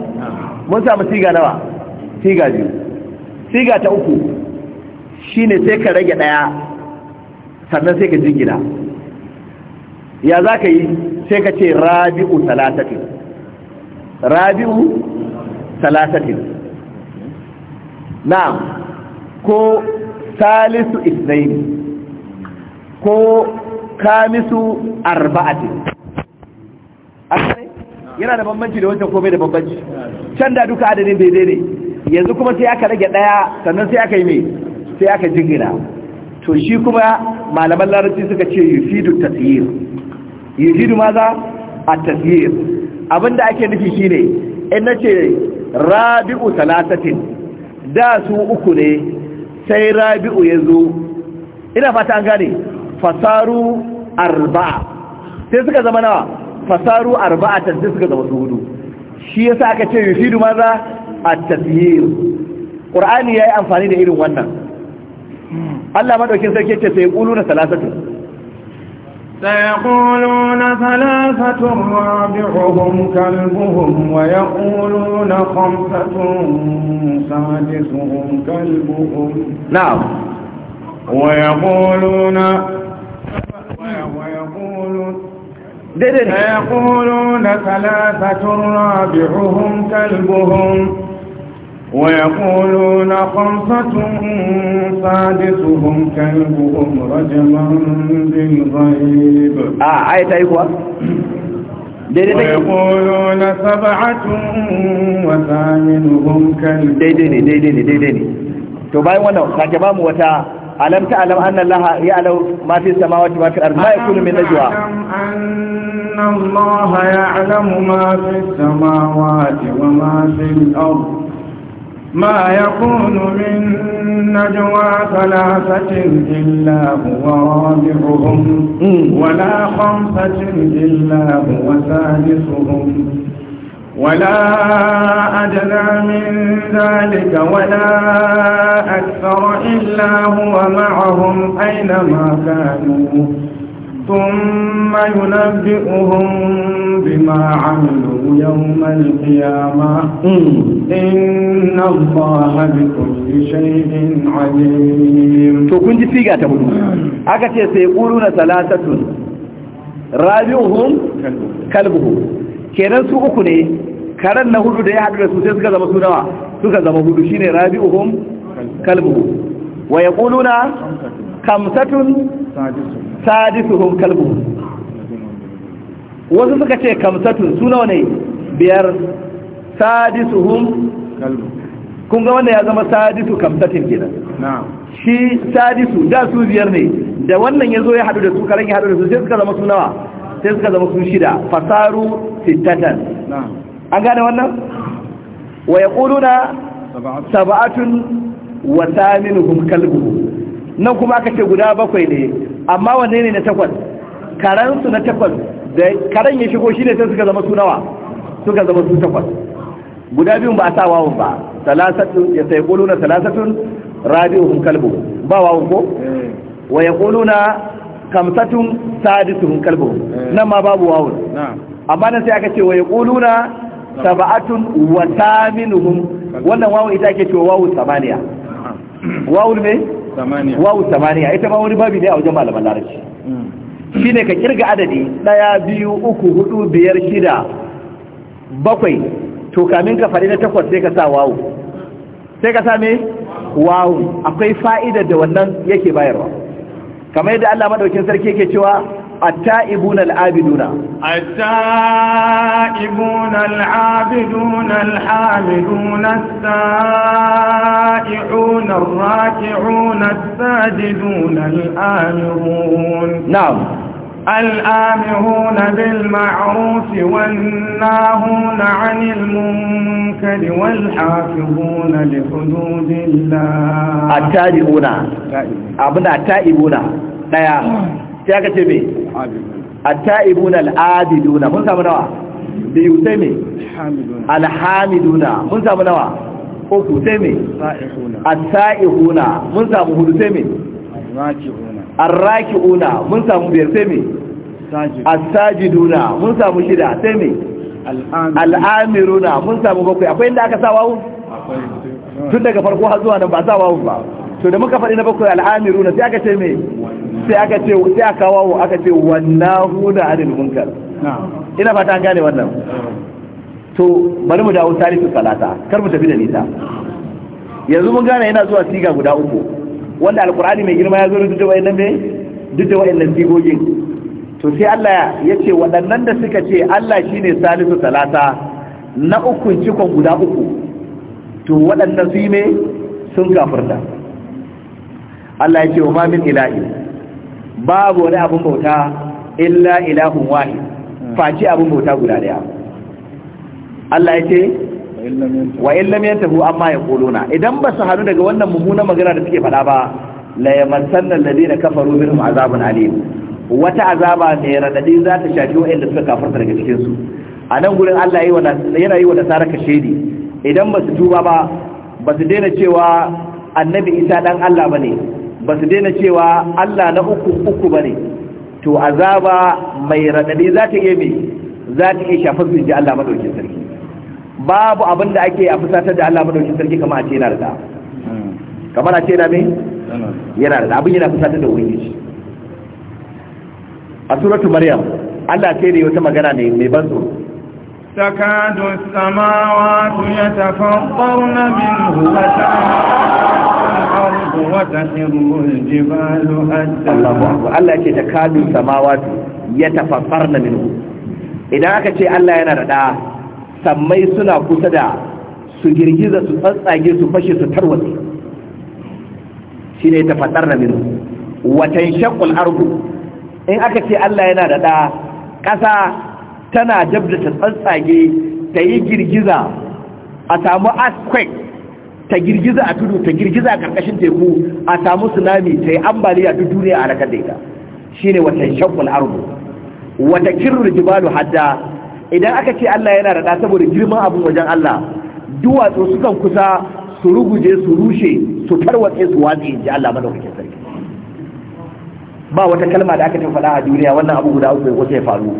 mun samu siga nawa siga biyu siga ta uku shine sai ka rage daya sannan sai ka jingina ya za ka yi sai ka ce rabi'u talatatin rabi'u talatatin na ko salisu isnaini ko kamisu arba'atin yana da bambanci da wancan komai da bambanci can da duka adadin daidai ne yanzu kuma sai aka rage daya sannan sai aka yi mai sai aka jingina to shi kuma malaman larabci suka ce yufidu tasyir yufidu maza a tasyir abinda ake nufi shine in nace rabi'u talatatin da su uku ne sai rabi'u ya zo ina fata an gane fasaru arba'a sai suka zama nawa fasaru arba'a ta sai suka zama su hudu shi yasa aka ce yufidu maza a tasyir qur'ani yayi amfani da irin wannan Allah madaukin sarki ce sai na salasatu سيقولون ثلاثة رابعهم كلبهم ويقولون خمسة سادسهم كلبهم نعم ويقولون ويقولون سيقولون ثلاثة رابعهم كلبهم ويقولون خمسة سادسهم كلبهم رجما بالغيب آه آية أيها ويقولون سبعة وثامنهم كلبهم ديديني ديديني ديديني تباين ونو خاتبام وتا ألم تعلم أن الله يعلم ما في السماوات وما في الأرض ما يكون من نجوى أن الله يعلم ما في السماوات وما في الأرض ما يكون من نجوى ثلاثة إلا هو رابعهم ولا خمسة إلا هو سادسهم ولا أدنى من ذلك ولا أكثر إلا هو معهم أينما كانوا ثم ينبئهم بما عملوا يوم القيامة إن الله بكل شيء عليم تو كنت فيك تقولون أكتب سيقولون ثلاثة rabi'uhum kalbuhum kenan su uku ne karan na hudu da ya hadu da su sai suka zama su nawa suka zama hudu shine rabi'uhum kalbuhum wa na? kamsatun sadisuhum kalbu wasu suka ce kamsatun su nawa ne biyar sadisuhum kalbu kun ga wanda ya zama sadisu kamsatun gina shi sadisu da su biyar ne da wannan ya zo ya haɗu da su karen ya haɗu da su sai suka zama su nawa sai suka zama su shida fasaru sittatan an gane wannan wa ya ƙuluna saba'atun wa saminuhum kalbu nan kuma aka ce guda bakwai ne amma wanne ne na takwas karansu na takwas da karan ya shigo shine sai suka zama su nawa suka zama su takwas guda biyun ba a sa wawun ba Salasatu ya sai kuluna salasatun rabi'uhum kalbu ba wawun ko eh. wa ya yaquluna kamsatun sadisuhum kalbu eh. nan ma babu wawun amma nan sai aka ce wa yaquluna sab'atun wa thaminuhum wannan wawun ita ake cewa wawu samaniya wawun me wawu samaniya ita ma wani babi ne a wajen malaman larabci hmm. shi ne ka kirga adadi ɗaya biyu uku hudu biyar shida bakwai to kamin ka fari na takwas sai ka sa wawu sai ka sa me wawu akwai fa'ida da wannan yake bayarwa kamar yadda Allah madaukin sarki ke cewa التائبون العابدون التائبون العابدون الحامدون السائحون الراكعون الساجدون الآمرون نعم الآمرون بالمعروف والناهون عن المنكر والحافظون لحدود الله التائبون أبنى التائبون ɗaya sai aka ce mai at-ta'ibuna al'adiduna mun samu nawa biyu sai mai alhamiduna mun samu nawa uku sai mai as mun samu hudu sai mai ar-raki'una mun samu biyar sai mai as-sajiduna mun samu shida sai mai al'amiruna mun samu bakwai akwai inda aka sa wawu tun daga farko har zuwa nan ba sa wawu ba to da muka faɗi na bakwai al'amiruna sai aka ce mai sai aka ce sai aka wawo aka ce wallahu da adil munkar ina fata an gane wannan to bari mu dawo tarihi salata kar mu tafi da nisa yanzu mun gane yana zuwa siga guda uku wanda alqur'ani mai girma ya zo da duk da wayannan me duk wayannan sigogin to sai Allah ya ce waɗannan da suka ce Allah shine salisu salata na ukun cikon guda uku to waɗannan su yi sun kafirta Allah ya ce wa ma min ilahi babu wani abin bauta illa ilahun wahid faci abun bauta guda daya Allah ya ce wa illam yantahu amma yaquluna idan ba su hanu daga wannan mumuna magana da suke faɗa ba la yamassanna alladheena kafaru minhum azabun alim wata azaba ne radadi za ta shafi wa'anda suka kafarta daga cikin su a nan gurin Allah yana yi wa nasara ka shedi idan ba su tuba ba ba su daina cewa annabi isa dan Allah bane ba su daina cewa Allah na uku uku bane to azaba mai radadi za ta iya me za ta iya shafar su ji Allah madaukin sarki babu abin da ake a fusatar da Allah madaukin sarki kamar a ce yana da kamar a ce yana me yana da abin yana fusatar da shi a suratu maryam Allah sai da wata magana ne mai ban tsoro تكاد السماوات يتفطرن منه وتنفطر Allah ce ta kalu samawatu ya يكي تكاد السماوات idan aka ce Allah yana rada sammai suna kusa da su girgiza su tsatsage su fashe su tarwatse shine ta fatar da minu watan shakul ardu in aka ce Allah yana rada ƙasa tana jabda ta tsatsage ta yi girgiza a samu earthquake ta girgiza a tudu ta girgiza a karkashin teku a samu tsunami ta yi ambaliya duk duniya a rakar da ita ne wata shakul arbu wata kirrul jibalu hadda idan aka ce Allah yana rada saboda girman abin wajen Allah duwatsu sukan kusa su ruguje su rushe su tarwatse su watsi ji Allah madaukakin sarki ba wata kalma da aka ta faɗa a duniya wannan abu guda uku ya faru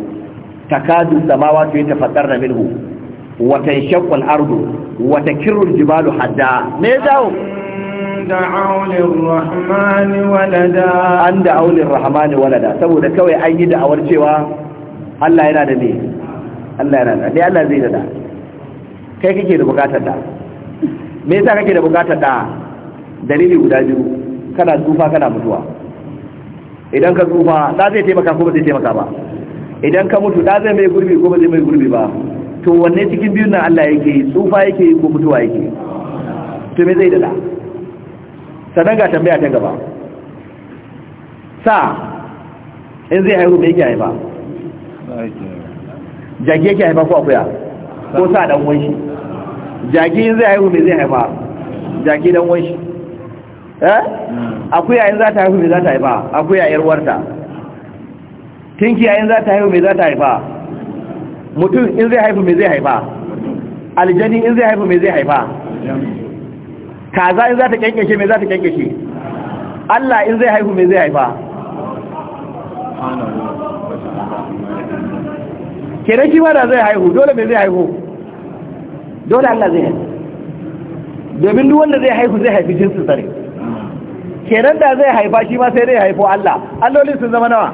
takadu samawati na milhu. watan shakwal ardu wata kirrul jibalu hadda me ya dawo an da aulin rahmani walada saboda kawai an yi da'awar cewa Allah yana da ne Allah yana da ne Allah zai da da kai kake da bukatar da me yasa kake da bukatar da dalili guda biyu kana tsufa kana mutuwa idan ka tsufa da zai taimaka ko ba zai taimaka ba idan ka mutu da zai mai gurbi ko ba zai mai gurbi ba to wanne cikin biyun nan Allah yake yi tsufa yake yi ko mutuwa yake yi to me zai dada sannan ga tambaya ta gaba sa in zai haihu me yake haifa jage yake haifa ko akuya ko sa dan wanshi jage in zai haihu me zai haifa jage dan wanshi eh akuya in za ta haihu me za ta haifa akuya yar warta tinki in za ta haihu me za ta haifa mutum in zai haifu mai zai haifa aljani in zai haifu mai zai haifa kaza in za ta kyankyashe mai za ta kyankyashe Allah in zai haifu mai zai haifa kenan shi ma da zai haihu dole mai zai haihu dole Allah zai haihu domin duk wanda zai haihu zai haifi jinsu tsare. kenan da zai haifa shi ma sai zai haifo Allah allolin sun zama nawa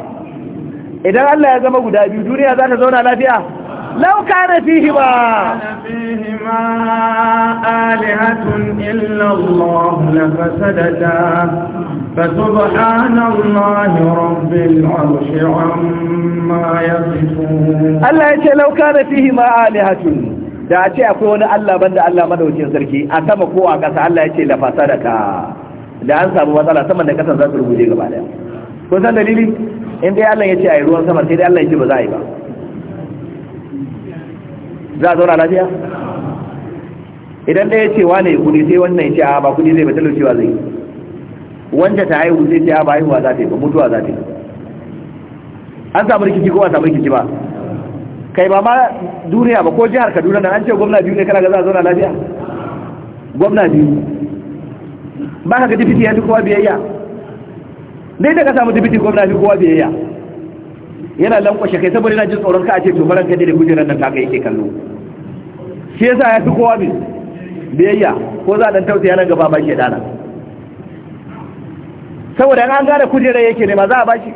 idan Allah ya zama guda biyu duniya za ta zauna lafiya لو كان فيهما فيهما آلهة إلا الله لفسدتا فسبحان الله رب العرش عما يصفون الله يقول لو كان فيهما آلهة da a ce akwai wani Allah banda Allah madaukin sarki a sama ko a ƙasa Allah ya ce la fasadaka da an samu matsala saman da kasan za su rubuce gaba daya ko san dalili in dai Allah ya ce a yi ruwan sama sai dai Allah ya ce ba za a yi ba za a zauna lafiya idan ɗaya ce wane kudi sai wannan ce a ba kudi zai ba talaucewa zai wanda ta haihu sai ce a ba haihuwa za ta yi ba mutuwa za ta yi an samu rikici ko a samu rikici ba kai ba ma duniya ba ko jihar kaduna nan an ce gwamna biyu ne kana ga za a zauna lafiya gwamna biyu ba ka ga dibiti ya fi kowa biyayya dai da ka samu dibiti gwamna fi kowa biyayya yana lankwashe kai saboda yana jin tsoron ka a ce to faranka da kujerar nan ta kai ke kallo shi yasa ya fi kowa bi biyayya ko za a ɗan tausaya nan gaba baki shi dana saboda an gane kujera yake ne ma za a bashi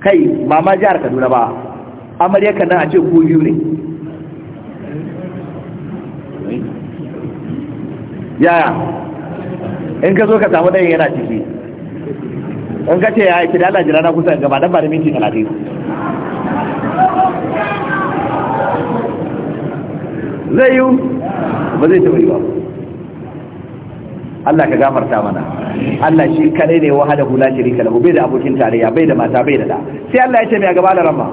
kai ba ma jihar Kaduna ba amarya kan nan a ce ku biyu ne yaya in ka zo ka samu ɗayan yana ciki in ka ce ya yi ki dala jira na kusa gaba dan ba da minti talatin zai yi ba zai taɓa yi ba Allah ka gafarta mana Allah shi kadai ne wahada hula shirika lahu bai da abokin tarayya bai da mata bai da da sai Allah ya ce mai gaba da ramma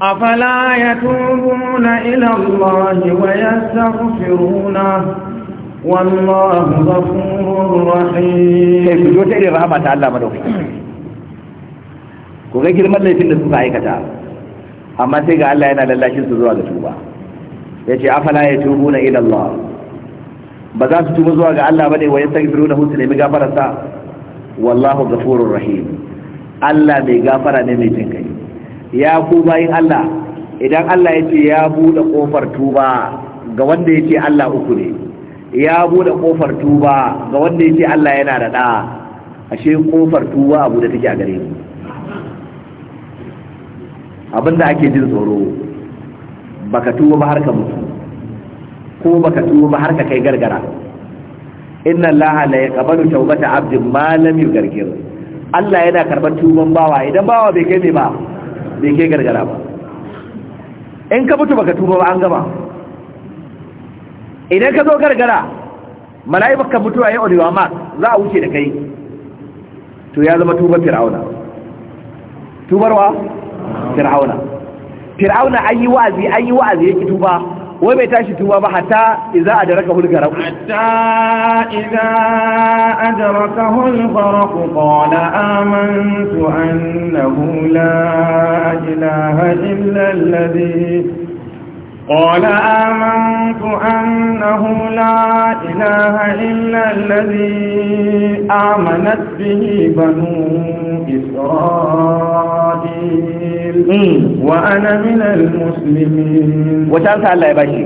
afala yatubuna ila Allah wa yastaghfiruna wallahu ghafurur rahim sai ku jota irin rahama ta Allah madauki ku ga girman laifin da suka aikata amma sai ga Allah yana lallashin su zuwa da tuba yace afala yatubuna idan Allah ba za su tuba zuwa ga Allah ba ne wa da hu su nemi gafara sa wallahu ghafurur rahim Allah mai gafara ne mai jin kai ya ku bayin Allah idan Allah ya ce ya bude kofar tuba ga wanda ya ce Allah uku ne ya bude kofar tuba ga wanda ya ce Allah yana da da ashe kofar tuba abu da take a gare mu abinda ake jin tsoro baka tuba ba har ka mutu ko baka tuba ba har ka kai gargara inna allaha la yaqbalu tawbata abdin ma lam yugargir Allah yana karban tuban bawa idan bawa bai kai ba bai kai gargara ba in ka mutu baka tuba ba an gama idan ka zo gargara mala'ikar mutuwa ya odiwa ma za a wuce da kai to ya zama tubar fir'auna tubarwa fir'auna fir'auna an yi wa'azi an yi wa'azi yake tuba wai bai tashi tuba ba hatta idza adraka hul garaq hatta idza adraka hul garaq qala amantu annahu la ilaha illa alladhi قال آمنت أنه لا إله إلا الذي آمنت به بنو إسرائيل وأنا من المسلمين وتنسى الله يبشي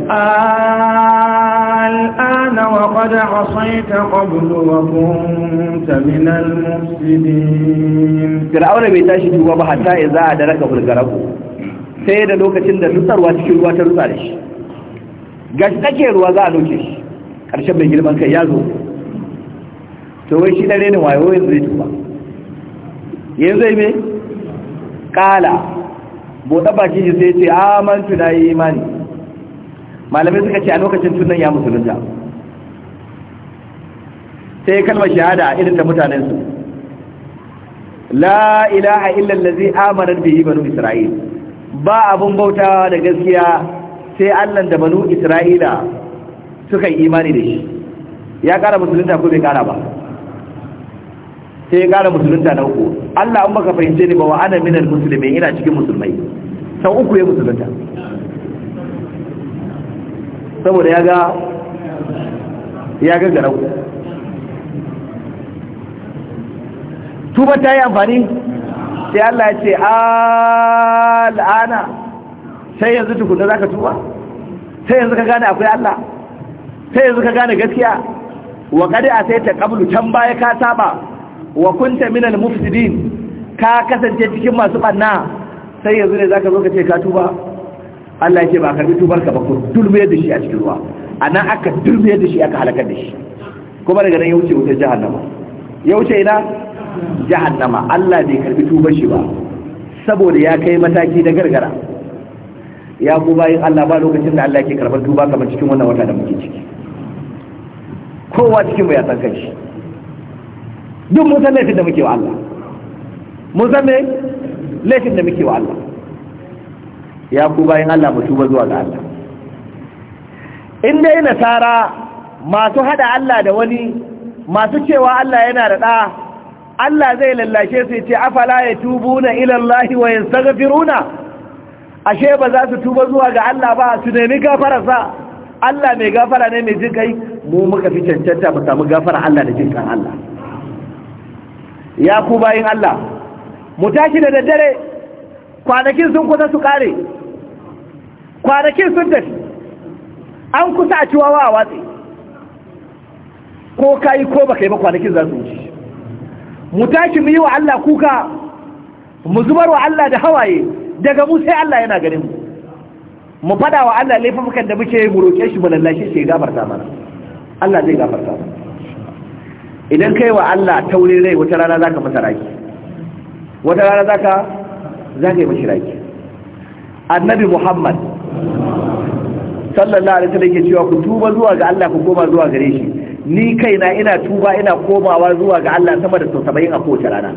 الآن وقد عصيت قبل وكنت من المفسدين فرعون بيتاشي جواب حتى إذا أدركه القرب sai da lokacin da nutsarwa cikin ruwa ta rutsa da shi gashi tsakiyar ruwa za a doke shi ƙarshen mai girman kai ya zo to wai shi dare ne wayo yin zai tuba yanzu zai me ƙala bude baki shi sai ce amantu na yi imani malamai suka ce a lokacin tunan ya musulunta sai kalmar shahada irin ta mutanen su la ilaha illa zai amana bihi banu isra'il ba abun bautawa da gaskiya sai Allah da banu Isra'ila suka yi imani da shi ya kara musulunta ko bai kara ba sai ya kara musulunta na uku Allah an baka fahimce ni ba wa ana minar musulmi ina cikin musulmai sau uku ya musulunta saboda ya ga ya ga ku tuba ta yi amfani sai Allah ya ce al'ana sai yanzu za zaka tuba sai yanzu ka gane akwai Allah sai yanzu ka gane gaskiya wa sai ta qablu can baya ka saba wa kunta minal mufsidin ka kasance cikin masu banna sai yanzu ne zaka zo ka ce ka tuba Allah ya ce ba karbi tubar ka ba ko dulmiye da shi a cikin ruwa anan aka dulmiye da shi aka halakar da shi kuma daga nan ya wuce wutar jahannama ya wuce ina jahannama Allah bai karbi tuba shi ba saboda ya kai mataki da gargara ya ku bayin Allah ba lokacin da Allah ke karbar tuba kamar cikin wannan wata da muke ciki kowa cikin mu ya san kanshi duk mun san laifin da muke wa Allah mun san me laifin da muke wa Allah ya ku bayin Allah mu tuba zuwa ga Allah in dai nasara masu hada Allah da wani masu cewa Allah yana da ɗa Allah zai lallashe su ce afala ya tubu na ilallahi wa yin sagafiruna ashe ba za su tuba zuwa ga Allah ba su nemi gafararsa Allah mai gafara ne mai jin kai mu muka fi cancanta mu samu gafara Allah da jin kan Allah ya ku bayin Allah mu tashi da daddare kwanakin sun kusa su kare kwanakin sun tafi an kusa a ciwawa a watsi ko kayi ko baka yi ba kwanakin za su wuce mu tashi mu yi wa Allah kuka mu zubar wa Allah da hawaye daga mu sai Allah yana ganin mu mu fada wa Allah laifukan da muke mu roƙe shi mu lallashe shi gafarta mana Allah zai gafarta mana idan kai wa Allah taurin rai wata rana zaka masa raki wata rana zaka zaka yi mashi raki annabi Muhammad sallallahu alaihi wasallam yake cewa ku tuba zuwa ga Allah ku koma zuwa gare shi ni kaina ina tuba ina komawa zuwa ga Allah sama da sau 70 a kowace rana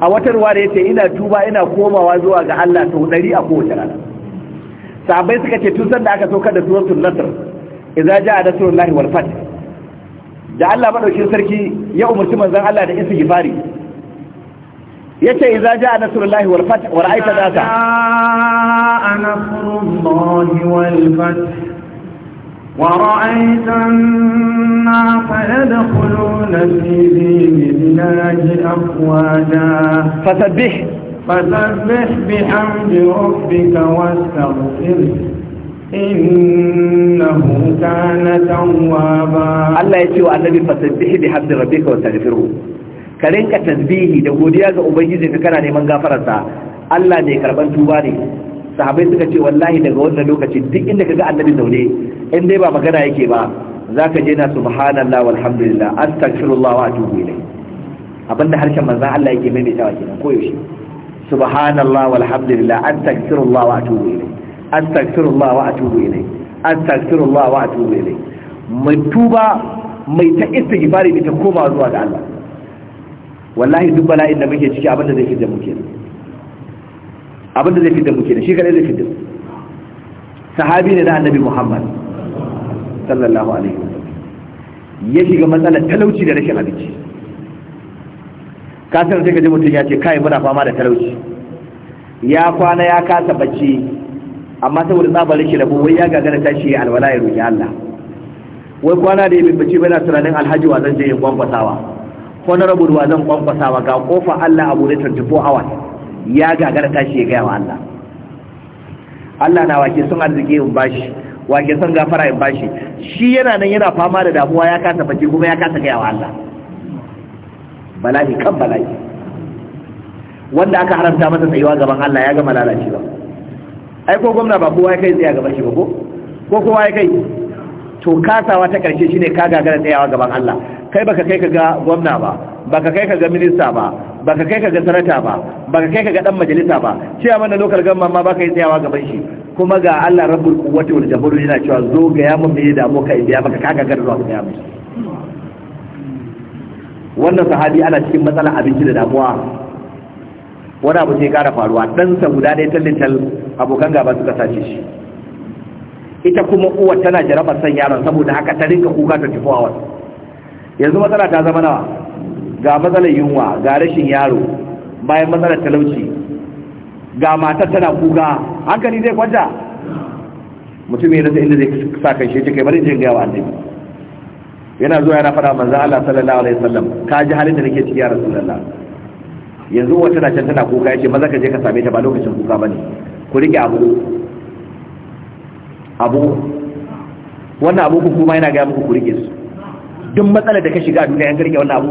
a watan ruwa ya yace ina tuba ina komawa zuwa ga Allah sau 100 a kowace rana sabai suka ce tun sanda aka saukar da suratul nasr idza jaa nasarar wal fath da Allah madaukin sarki ya umarci manzon Allah da istighfari yace idza jaa nasrullahi wal fath wa ra'aita data nasrullahi wal fath ورأيت الناس يدخلون في دين الله أفواجا فسبح فسبح بحمد ربك واستغفره إنه كان توابا الله يتيو النبي فسبح بحمد ربك واستغفره كرنك تسبيه ده godiya ga ubangiji ka kana neman gafararsa Allah ne karban tuba ne sahabai suka ce wallahi daga wannan lokaci duk inda kaga annabi zaune in dai ba magana yake ba zaka je na subhanallah walhamdulillah astaghfirullah wa atubu ilayhi abinda harshen manzon Allah yake maimaitawa kenan ko yaushe subhanallah walhamdulillah astaghfirullah wa atubu ilayhi astaghfirullah wa atubu ilayhi astaghfirullah wa atubu ilayhi mai tuba mai ta istighfari da ta koma zuwa ga Allah wallahi duk bala'in da muke ciki abinda zai fitar muke kenan abin da zai fitar muke da shi kadai zai fitar sahabi ne na annabi muhammad sallallahu alaihi wasallam ya shiga matsalar talauci da rashin abinci ka san sai ka ji mutum ya ce kai muna fama da talauci ya kwana ya kasa bacci amma saboda tsabar rashin rabu wai ya gagara tashi ya alwala ya roki Allah wai kwana da ya bibbici bai na tunanin alhaji wa zan je yin kwankwasawa rabu wa zan kwankwasawa ga kofa Allah abu ne 24 hours ya gagara shi ya gaya wa Allah Allah na wake sun arziki in bashi wake sun gafara in bashi shi yana nan yana fama da damuwa ya kasa baki kuma ya kasa gaya wa Allah bala'i kan bala'i wanda aka haramta masa tsayuwa gaban Allah ya gama lalacewa ai ko gwamna ba kowa ya kai tsaya gaban shi ba ko ko kowa ya kai to kasawa ta karshe shine ka gagara tsayawa gaban Allah kai baka kai ka ga gwamna ba baka kai ka ga minista ba Ba ka kai ka ga sanata ba ba ka kai ka ga dan majalisa ba cewa mana lokal gamma ma baka yi tsayawa gaban shi kuma ga Allah rabbul quwwati wal jabr yana cewa zo ga ya mun me da mu kai biya baka kaga ga zuwa ga mu wannan sahabi ana cikin matsalar abinci da damuwa wani abu sai kara faruwa sa guda ɗaya tallintal abokan gaba suka sace shi ita kuma uwar tana jarabar son yaron saboda haka ta rinka kuka ta tafi yanzu matsala ta zama nawa ga matsalar yunwa ga rashin yaro bayan matsalar talauci ga matar tana kuka hankali zai kwanta mutum ya rasa inda zai sa kan shi kai bari jin gawa annabi yana zuwa yana fada manzo Allah sallallahu alaihi wasallam ka ji halin da nake ciki ya rasulullah yanzu wata na can tana kuka yace maza ka je ka same ta ba lokacin kuka bane ku rike abu abu wannan abu kuma yana ga muku ku rike su duk matsalar da ka shiga a duniya an rike wannan abu